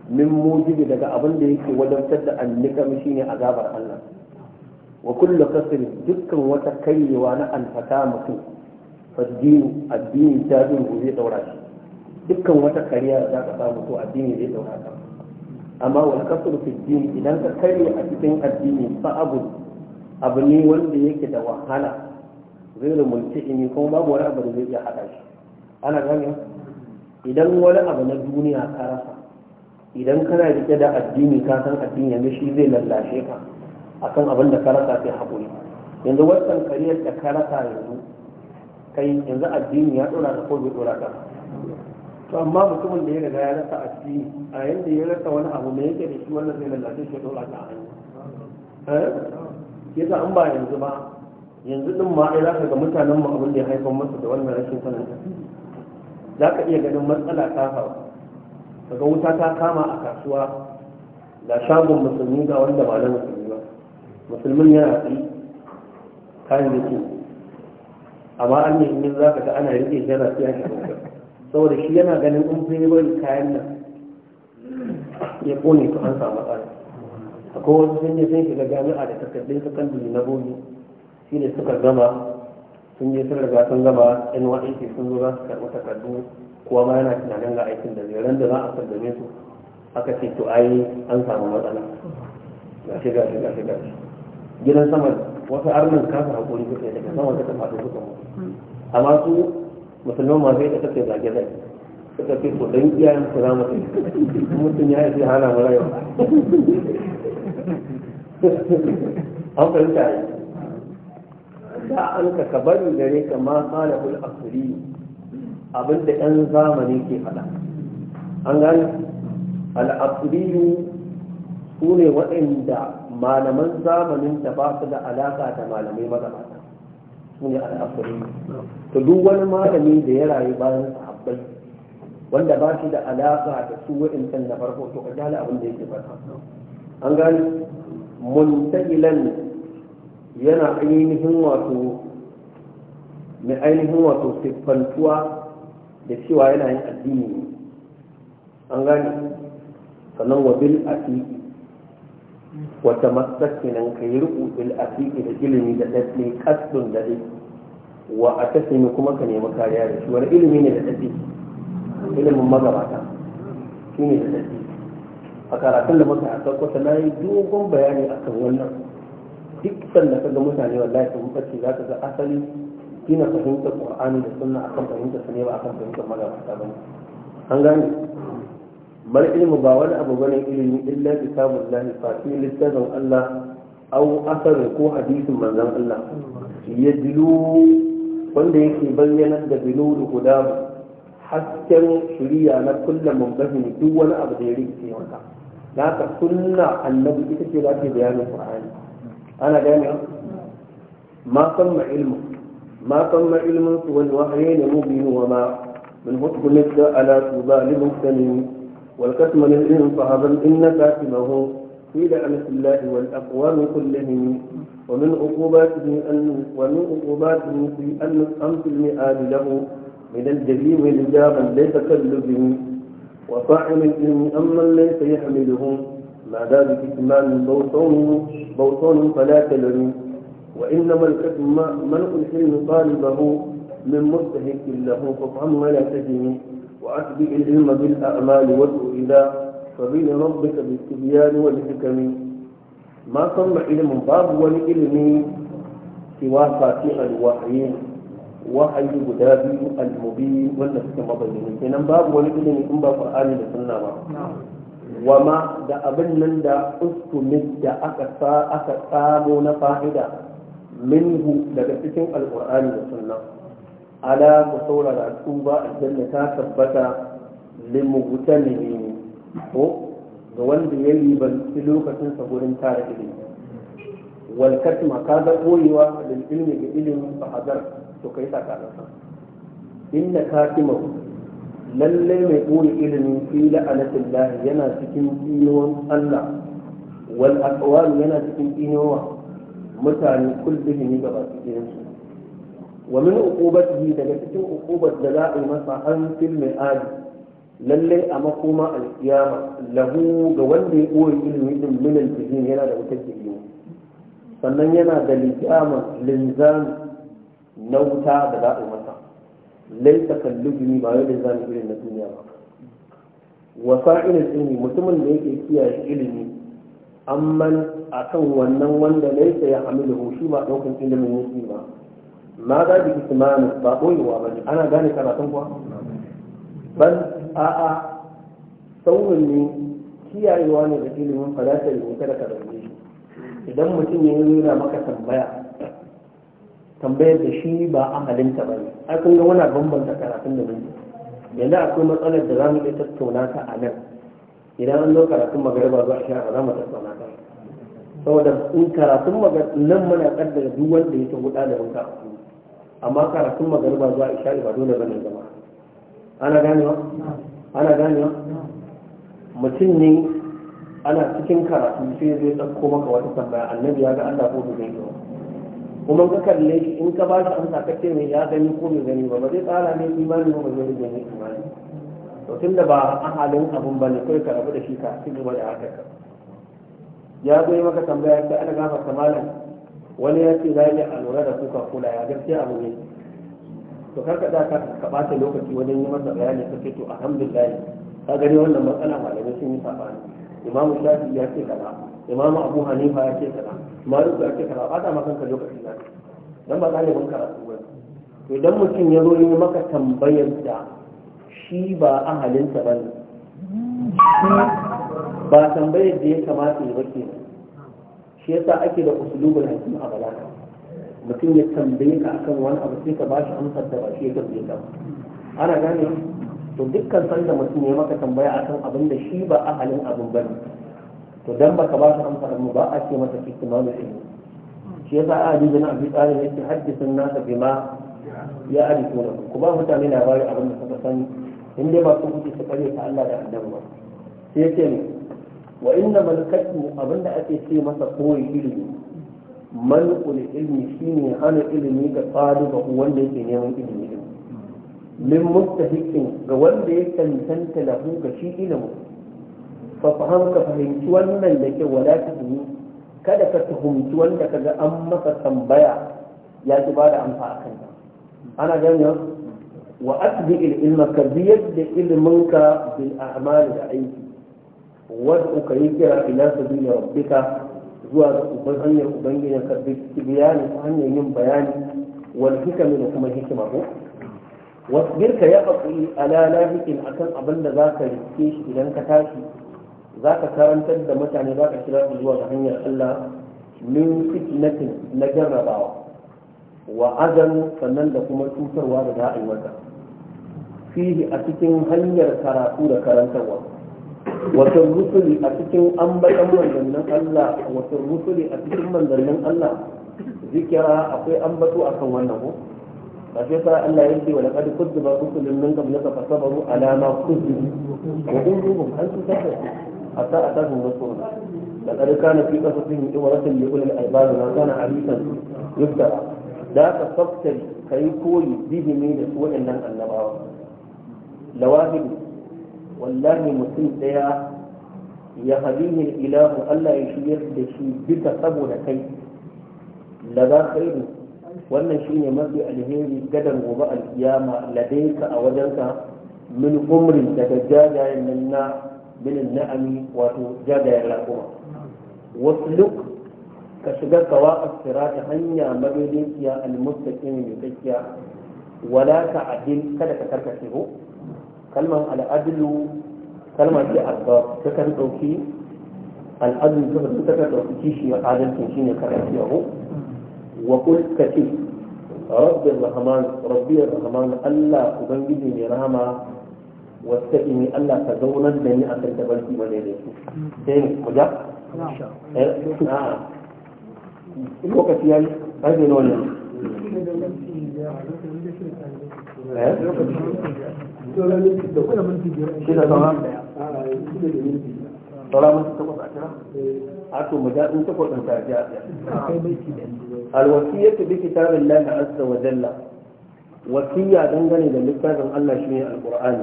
min mujibi daga abin da yake wadatar da annikam shine azabar Allah wa kullu kasr dukkan wata karyewa na alfata mutum faddini addini ta bin zai daura shi dukkan wata kariya za ka samu to addini zai daura ka amma wal kasr fi din idan ka karye a cikin addini fa abu abu ne wanda yake da wahala zai mulki ne kuma babu wani abu da zai iya hada shi ana gane idan wani abu na duniya ka rasa idan kana rike da addini ka san addini yanzu shi zai lallashe ka akan abin da ka rasa sai haƙuri yanzu wannan kariyar da ka rasa yanzu kai yanzu addini ya dora ka ko bai dora ka to amma mutumin da ya riga ya rasa addini a yanda ya rasa wani abu mai yake da shi wannan zai lallashe shi dora ka a hanya eh? yasa an ba yanzu ba yanzu din ma ai zaka ga mutanen mu abin da ya haifar masa da wannan rashin sanin za ka iya ganin matsala ta faru kaga wuta ta kama a kasuwa ga shagon musulmi ga wanda ba na musulmi ba musulmin yana fi kayan yake amma an ne in za ka ga ana rike shi yana siya shi saboda shi yana ganin in fi bari kayan nan ya kone to an samu tsari akwai wasu sun je sun shiga jami'a da takardun sakandare na bogi shi ne suka gama sun je sun riga sun gama nysc sun zo za su karɓi takardu kuwa ma yana tunanin ga aikin da zai da za a sallame su aka ce to ai an samu matsala gashi gashi gashi gashi gidan sama wasu arnin kasa hakuri ke daga sama ta tafi suka mutu amma su musulman masu yi ta zage zage suka ce to dan iyayen su za mu mutum ya yi hana mu rayuwa an fahimta yi da an ka bari gare ka ma salahul asiri abinda yan zamani ke faɗa an gani al'asiriyu su ne waɗanda malaman zamanin da ba su da alaƙa da malamai magabata su ne al'asiriyu Ta duk wani malami da ya rayu bayan sahabbai wanda ba shi da alaƙa da su waɗancan da farko to ka jala abin da yake farko. an gani muntakilan yana ainihin wato mai ainihin wato siffantuwa da cewa yana yin addini ne an gane sannan wa bil aqiqi wa tamassak kenan kai ruku bil asiki da ilimi da dace kasdun da dai wa atasimi kuma ka nemi kariya da shi wani ilimi ne da dace ilimin magabata shi ne da dace a karatun da muka haka kwata na yi dogon bayani akan wannan duk sanda ka ga mutane wallahi sun fashe za ka ga asali shine fahimtar qur'ani da sunna akan fahimtar sa ne ba akan fahimtar magabata bane an gane bal ilmu ba wani abu bane ilimi illa kitabullahi fa fi littafin Allah au asar ko hadisin manzon Allah Ya yadlu wanda yake bayyana da bilul guda hasken shiriya na kullum mumbahin duk wani abu da ya rikice maka da haka sunna annabi ita ce za ta bayanin qur'ani ana gane ma san ilmu ما تم علم سوى الوحيين مبين وما من حكم مثل على طوبى لمسلم والكتم للعلم فهذا إن كاتمه في لعنه الله والأقوام كلهم ومن عقوباته أن ومن عقوباته في أن أمس المئات له من الجليم لجابا ليس كاللبن وصاحب العلم أما ليس يحمله ما ذلك إتمام بوطون بوطون فلا تلم وإنما ملك الحلم طالبه من مستهك له فافهم ولا تجني وأتبع العلم بالأعمال وادعو إلى سبيل ربك بالتبيان والحكم ما صنع علم باب والعلم سوى فاتح الوحي وحي غدابي المبين والنفس مبين كان باب والعلم إن باب قرآن لسنة نعم. وما دا abin nan أسكمت ustumid أكثر أكثر sa minhu daga cikin alkur'ani da sunna ala ku saurara tuba ne ta tabbata ne ko ga wanda ya ribanci lokacin sa gurin tara ilimi wal katma ka ga koyewa lil ilmi ga ilimi fa hadar to kai sakalansa inna katimahu lalle mai koyi ilimi fi la'anatin lahi yana cikin inuwan Allah wal aqwal yana cikin inuwa mutane kullum ga baki su wa min uqubatihi daga cikin uqubat da za a yi masa an fil mi'ad lalle a makoma alkiyama lahu ga wanda ya koyi ilimi din min al yana da wutar jihim sannan yana da lijama linzam na wuta da za a yi masa laisa kallubini ba wai linzami irin na duniya ba wa sa'ilin ilmi mutumin da yake kiyaye ilimi amman akan wannan wanda sai ya hamilu shi ba daukan ilimin yake ba ma za bi ismanu ba koyewa ba ne ana gane karatun kuwa a a'a saurin ne kiyayewa ne da ilimin falasar da kada ka dauke idan mutum ya yi nuna maka tambaya tambayar da shi ba amalinta ba ne ai kun ga muna bambanta karatun da mun yanzu akwai matsalar da za mu iya tattauna ta a nan idan an zo karatun magariba zuwa sha ba za mu tattauna ta saboda in karatun nan muna kaddara duk wanda ya tafi ɗalibin karatu amma karatun ba zuwa isha ba dole bane zama ana ganewa ana ganewa mutum ne ana cikin karatu sai zai tsakko maka wata tambaya annabi ya ga Allah ko bai gani kuma ka kalle shi in ka bashi amsa ka ce mai ya gani ko bai gani ba ba zai tsara ne imani ba ba zai gani imani to tunda ba ahalin abun bane kai ka rabu da shi ka cikin gaba da haka ya zo yi maka tambaya ta ana gafa malam wani ya ce zai lura da kuka kula ya gaske abu ne to karka da ka ka bata lokaci wajen yi masa bayani ka ce to alhamdulillah ka gani wannan matsala malamai sun yi sabani imamu shafi ya ce kaza imamu abu hanifa ya ce kaza malik ya ce kaza ba ta maka lokaci na dan ba ɗalibin karatu ba to idan mutum ya zo yi maka tambayar da shi ba ahalinsa ba ne ba tambayar da ya kamata ya bake shi yasa ake da usulubul hakim a balaga mutum ya tambaye ka akan wani abu sai ka ba shi amsar da ba shi ya tambaye ka ana gane to dukkan sanda mutum ya maka tambaya akan abin da shi ba ahalin abin bane to dan baka ba shi amsar mu ba a ce masa kitimanu shi shi yasa a ji na abi tsari ne ki haddisin nasa bima ya arifuna ku ba mutane labari abin da suka sani in dai ba su kuke su kare ta Allah da annabi ba sai yake ne wa inna mal katmu abinda ake ce masa koyi ilimi man ul ilmi shine hana ilimi ga talibu wanda yake neman ilimi din min mustahiqin ga wanda ya tantanta lahu ga shi ilimin fa faham ka fahimci wannan da ke wala ta kada ka tuhumci wanda kaga an masa tambaya ya ci ba da amsa akan ta ana ganin wa asbi ilma ka biyar da ilminka bil a'mal da aiki wadda uka yi kira ila sabili rabbika zuwa ga uban hanyar ubangijin ka bayani ta hanyar yin bayani wal hikami da kuma hikima ko wasbir ka ya haƙuri ala lahikin akan abin da za ka rike shi idan ka tashi za ka karantar da mutane za ka kira su zuwa ga hanyar Allah min fitnatin na jarrabawa wa azan sannan da kuma cutarwa da za a yi mata fihi a cikin hanyar karatu da karantarwa wata rusuli a cikin an bayan manzannin Allah wata rusuli a cikin manzannin Allah zikira akwai a kan wannan ko ba sai sa Allah ya ce wa laqad kuzziba rusulun min qablika fasabaru ala ma kuzzibu wa kulluhum an tusabbu hatta atahum rasuluna laqad kana fi qasasihim ibratun li ulil albab ma kana hadisan yubda da ka tsaftar kai koyi ne da su waɗannan annabawa lawahidi wallahi mutum ɗaya ya hadihin ilahu Allah ya shiryar da shi duka saboda kai la za khairu wannan shine mafi alheri gadan gobe alkiyama ladaika a wajenka min umrin daga jajayen nan na min na'ami wato jajayen lakuma wasluk ka shiga kawa asira ta hanya madaidaiciya almustaqim mai tsakiya wala ka adil kada ka karkace ko kalmar al'adlu kalmar ce ta kan ɗauki al'adlu zuwa ta kan ɗauki kishi a adalcin shi ne karatu yahu wa kul ka ce rabbi rahman rabbi rahman allah ubangiji mai rahama wasta ini allah ka zaunar da ni a kan ba ne da su sai mu ja lokaci ya yi ƙarfe nawa ne الوصية بكتاب الله عز وجل وصية دنغني للكتاب الله شيء القرآن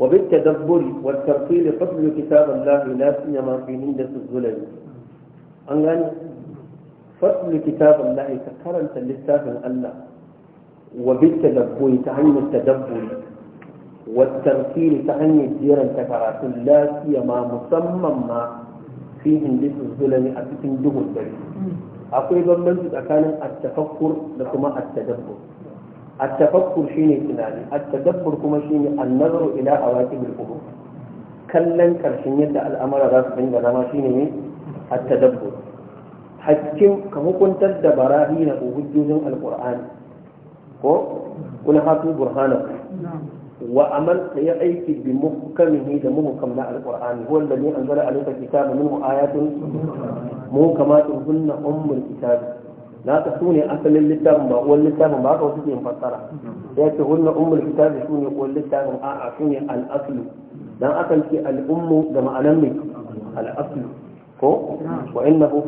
وبالتدبر والترطيل قبل كتاب الله لا سيما في نيدة الزلل أنغني فصل كتاب الله تكرمت للكتاب الله وبالتدبر تعلم التدبر والترتيل تعني جيرا تكرات لا سيما مسمى ما في هندس الظلم أتكن دهو الدري أقول بمن تكان التفكر لكما التدبر التفكر شيني تنالي التدبر كما شيني النظر إلى عواقب الأمور كلا كرشنية الأمر راس بين ما شيني التدبر حكم كهكون تدبراهين وهجوز القرآن ko kuna hatu burhanakum wa amal ya aiki bi muhkamihi da muhkam na alqur'ani huwa alladhi anzala alayka kitaba minhu ayatun muhkamatun hunna ummul kitab na ta sune asalin littafin ba uwan littafin ba haka wasu ke fassara ya ce hunna ummul kitab sune uwan littafin a a sune al aslu dan akan da ma'anan ne al ko wa innahu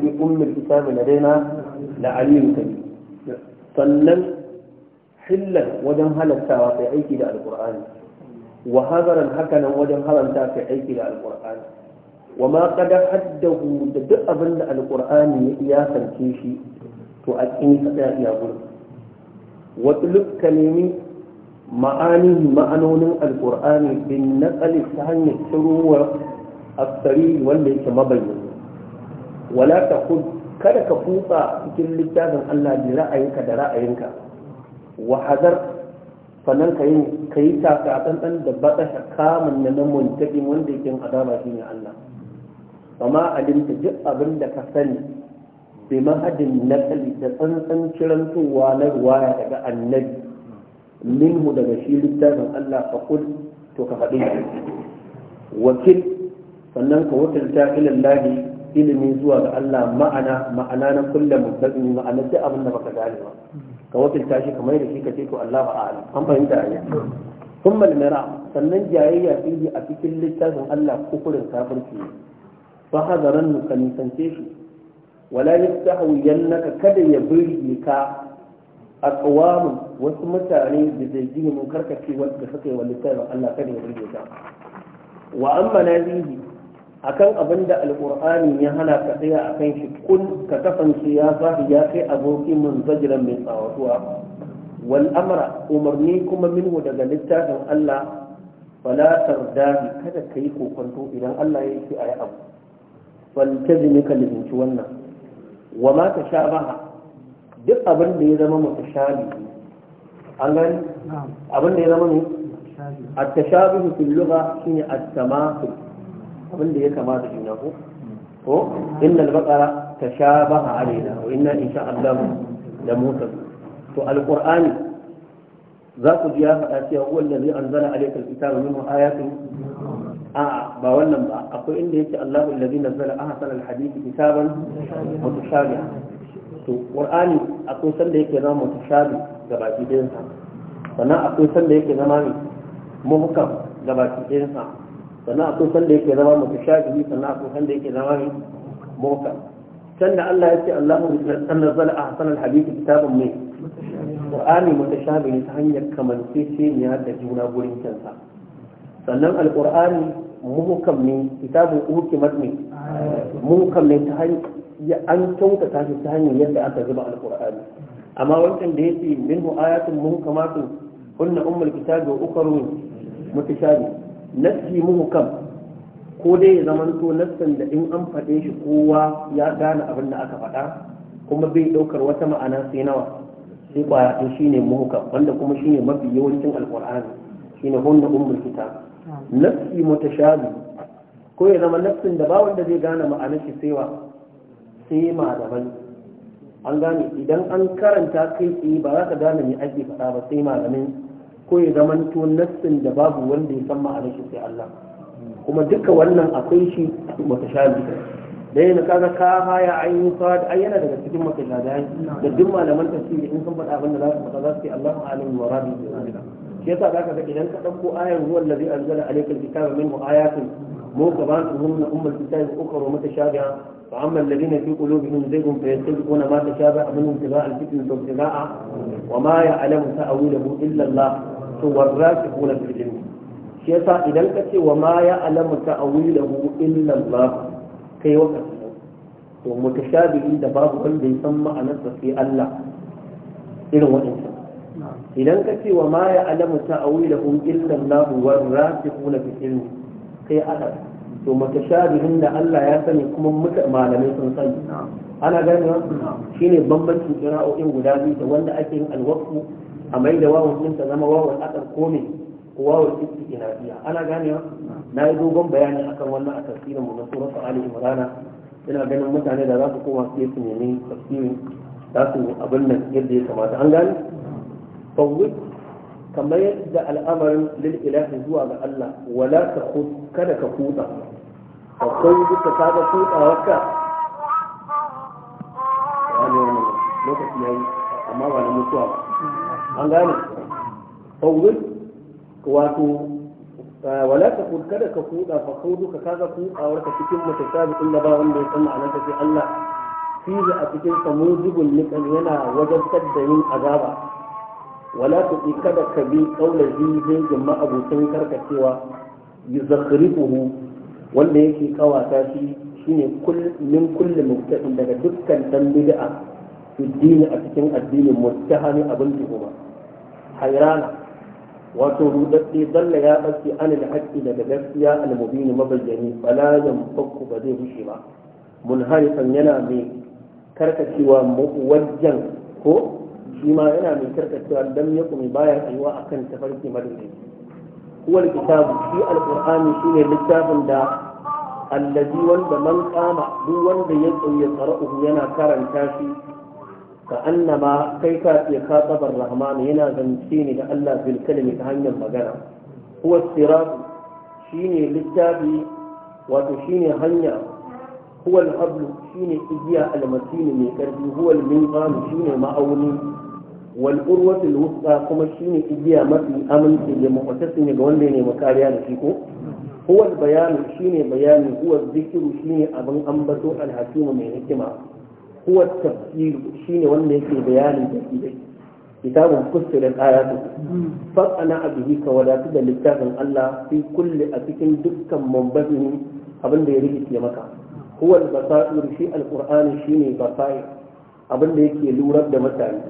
hillan wajen halattawa kai aiki da alqur'ani wa hakanan wajen haramta kai aiki da alqur'ani wa ma qad haddahu da duk abin da alqur'ani ya iyakance shi to a cikin kada ya gudu. wa tuluk kalimi ma'ani ma'anonin alqur'ani bin naqali ta hanyar shiruwa asari wanda yake mabayyana wala ta kada ka kutsa cikin littafin Allah da ra'ayinka da ra'ayinka wahadar sannan ka yi ka yi ɗanɗan da batasha kamun na nan muntakin wanda yake azaba shi ne Allah amma alimta duk abin da ka sani bi mahadin nakali da tsantsan kirantowa na ruwaya daga annabi minhu daga shi littafin Allah fa kul to ka faɗi wakil sannan ka wakilta ilallahi ilimi zuwa ga Allah ma'ana ma'ana na kullum ma'ana duk abin da baka gane ba ka wakilta shi kamar da shi ka ce to Allahu a'lam an fahimta ne ثم المراء sannan jayayya fihi a cikin littafin Allah kufurin kafirci fa hadaran ka nisance shi wala yastahu yannaka kada ya birge ka aqwamu wasu mutane da zai mun karkace wanda suka yi wa littafin Allah kada ya birge ka wa amma nazihi akan abin da alƙur'ani ya hana ka tsaya a kan shi kun ka kasance ya zafi ya kai aboki mun zajiran mai tsawatuwa wal amra umarni kuma minhu daga littafin Allah fala tardahi kada ka yi kokonto idan Allah ya yi a yi abu fal tazmi ka lizinci wannan wa ma ta sha duk abin da ya zama mutashabi an gani abin da ya zama ne at-tashabihu fil lugha shine at-tamathul abin da ya kamata juna ko ko inna al-baqara tashabaha alaina wa inna insha Allah la mutaqin to al-qur'ani za ku ji ya faɗa cewa huwa allazi anzala alayka al-kitaba minhu ayatun a ba wannan ba akwai inda yake Allahu allazi nazzala ahsana al-hadith kitaban mutashabiha to qur'ani akwai sanda yake zama mutashabi ga baki ɗayan sa sannan akwai sanda yake zama ne muhkam ga baki ɗayan sa sannan akwai sanda yake zama mutu shafi sannan akwai sanda yake zama mota sannan Allah ya ce Allahu nazzala a al-hadith kitabun mai Qur'ani mutashabi ne ta hanyar kamar kamanceceniya da juna gurin kansa sannan al-Qur'ani muhkam ne kitabun hukimat ne muhkam ne ta hanyar an kyautata shi ta hanyar yadda aka zuba al-Qur'ani amma wancan da yake minhu ayatun muhkamatun kunna ummul kitabi wa ukhra mutashabi muhu kam ko dai ya to nassan da in an faɗe shi kowa ya gane abin da aka faɗa kuma bai ɗaukar wata ma'ana sai nawa sai kwaya ne shine muhukam wanda kuma shi ne mafi yawancin alƙur'ani ne hunna ummul kitab nassi mutashabi ko ya zama nafsin da ba wanda zai gane ma'anar shi sai wa sai malaman an gane idan an karanta kai tsaye ba za ka gane me ake faɗa ba sai malamin ko ya zamanto nassin da babu wanda ya san ma'anar shi sai Allah kuma duka wannan akwai shi mutashabi da yana kaga ka haya an yi ayyana daga cikin mutashabi da duk malaman tafsiri in sun faɗa abin da za su faɗa za su ce Allahu alim wa rabbi shi yasa zaka ga idan ka dauko ayar huwa allazi anzala alayka alkitaba minhu ayatun muqabatun hunna ummul kitabi ukhra mutashabiha فأما الذين في قلوبهم زيغ فيتبعون ما تشابه منه ابتغاء الفتن وابتغاء وما يعلم تأويله إلا الله to warrasikuna fil ilmi shi yasa idan ka ce wa ma ya alamu ta'awilahu illa Allah kai waka to mutashabihi da babu wanda ya san ma'anar ma'anarsa sai Allah irin waɗansu idan ka ce wa ma ya alamu ta'awilahu illa Allah warrasikuna fil ilmi kai Allah to mutashabihin da Allah ya sani kuma malamai sun sani ana ganewa shine bambancin kira'o'in guda biyu da wanda ake yin alwaqfu أما إذا واو سنت أنا واو أثر كوني واو ست إيرادية أنا جاني نايدو جم بيان أكر ولا أثر كثير من سورة آل عمران إن أجن أمت أنا لا أثر كوا كثير من يمين كثير من أثر قبل من يدي كما تعلم فوق كما يبدا الامر للاله هو على الله ولا تخوض كذا كوتا فكل بك هذا كوتا وكا يعني لو كنت ناوي اما أنا متوقع an gane fawul wato eh, wala ta kada ka kuda fa kauduka kaga a warka cikin mutasabi inda ba wanda ya san ma'anar ta sai Allah fihi a cikin sa mujibul liqan yana wajen da yin azaba wala ta kada ka bi kaula zizin ma abokin karkacewa yuzakhrifuhu wanda yake kawata shi shine kull min kulli mubtadin daga dukkan dan bid'a fi a cikin addinin mutahani abin tuhuma hayrana wato rudadde dalla ya bace anil hakki daga gaskiya almubini mubin mabayyani fala yanfaku ba zai bushe ba munharifan yana mai karkacewa wajen ko shi ma yana mai karkacewa dan ya kuma baya a kan tafarki madadi huwa kitabu shi shi shine littafin da allazi wanda man kama duk wanda ya tsaye qara'u yana karanta shi ka annaba kai ka ce ka tsabar rahmanu yana zance ne da Allah fil kalmi ta hanyar magana huwa siratu shine littafi wato shine hanya huwa al-hablu shine igiya al-matin mai karfi huwa al-minqam shine ma'auni wal urwatul wusta kuma shine igiya mafi aminci da mutasin ga wanda ne makariya da shi ko huwa al-bayan shine bayani huwa dhikru shine abin ambato al-hakimu mai hikima huwa tafsir shine wanda yake bayanin tafsirai kitabun fussilat ayatu fa'ana abihi ka wadatu da littafin Allah fi kulli a cikin dukkan mambarin abin da ya rikice maka huwa basair shi alqur'ani shine basair abin da yake lurar da mutane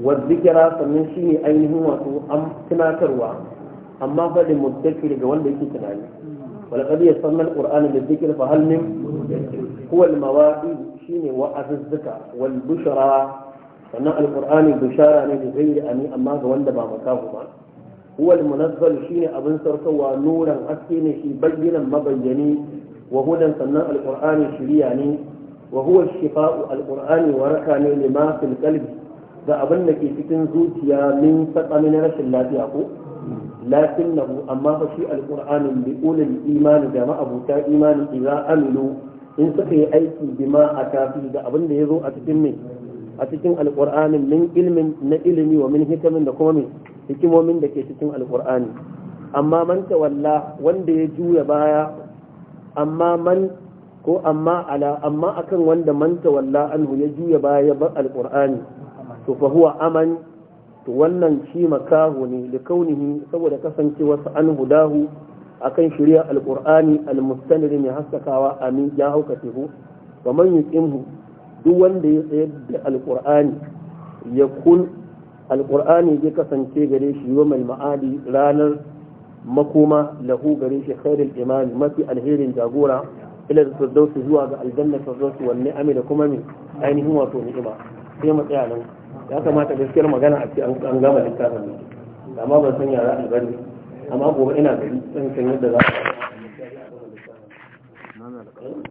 wa zikra sannan shine ainihin wasu am tunatarwa amma fa da muddakir ga wanda yake tunani walaqad yasanna alqur'ana lidhikr fa hal min huwa almawa'id shine wa'azuzzuka wal bushra sannan alqur'ani bushara ne da zai ani amma ga wanda ba makahu ba huwa shi shine abin sarkawa nuran haske ne shi bayyanan mabayyani wa hudan sannan alkur'ani shiriya ne wa huwa shifa'u Alƙur'ani waraka ne lima fil qalbi ga abin da ke cikin zuciya min faɗa rashin lafiya ko lakin nahu amma fa shi alqur'anin bi ulil imani jama'a buta imani idza amilu in suka yi aiki bima a tafi da abin da ya zo a cikin mai a cikin alƙur'anin min ilmin na ilimi wa min hikamin da kuma mai hikimomin da ke cikin alƙur'ani amma man tawalla wanda ya juya baya amma man ko amma ala amma akan wanda man tawalla anhu ya juya baya ya bar alƙur'ani to fa huwa aman to wannan shi makahu ne da kaunihi saboda kasancewarsa an hudahu akan shirya alkur'ani almustanir mai haskakawa amin ya hauka tehu ba man yuqimhu duk wanda ya tsayar da alkur'ani ya zai kasance gare shi wa mai ma'adi ranar makoma lahu gare shi khairul iman mafi alherin jagora ila firdausi zuwa ga aljanna firdausi wanne ami da kuma min ainihin wato ni'ima sai mu nan ya kamata gaskiyar magana a ce an gama littafin amma ban san yara albani amma gobe ina da yin san yadda za a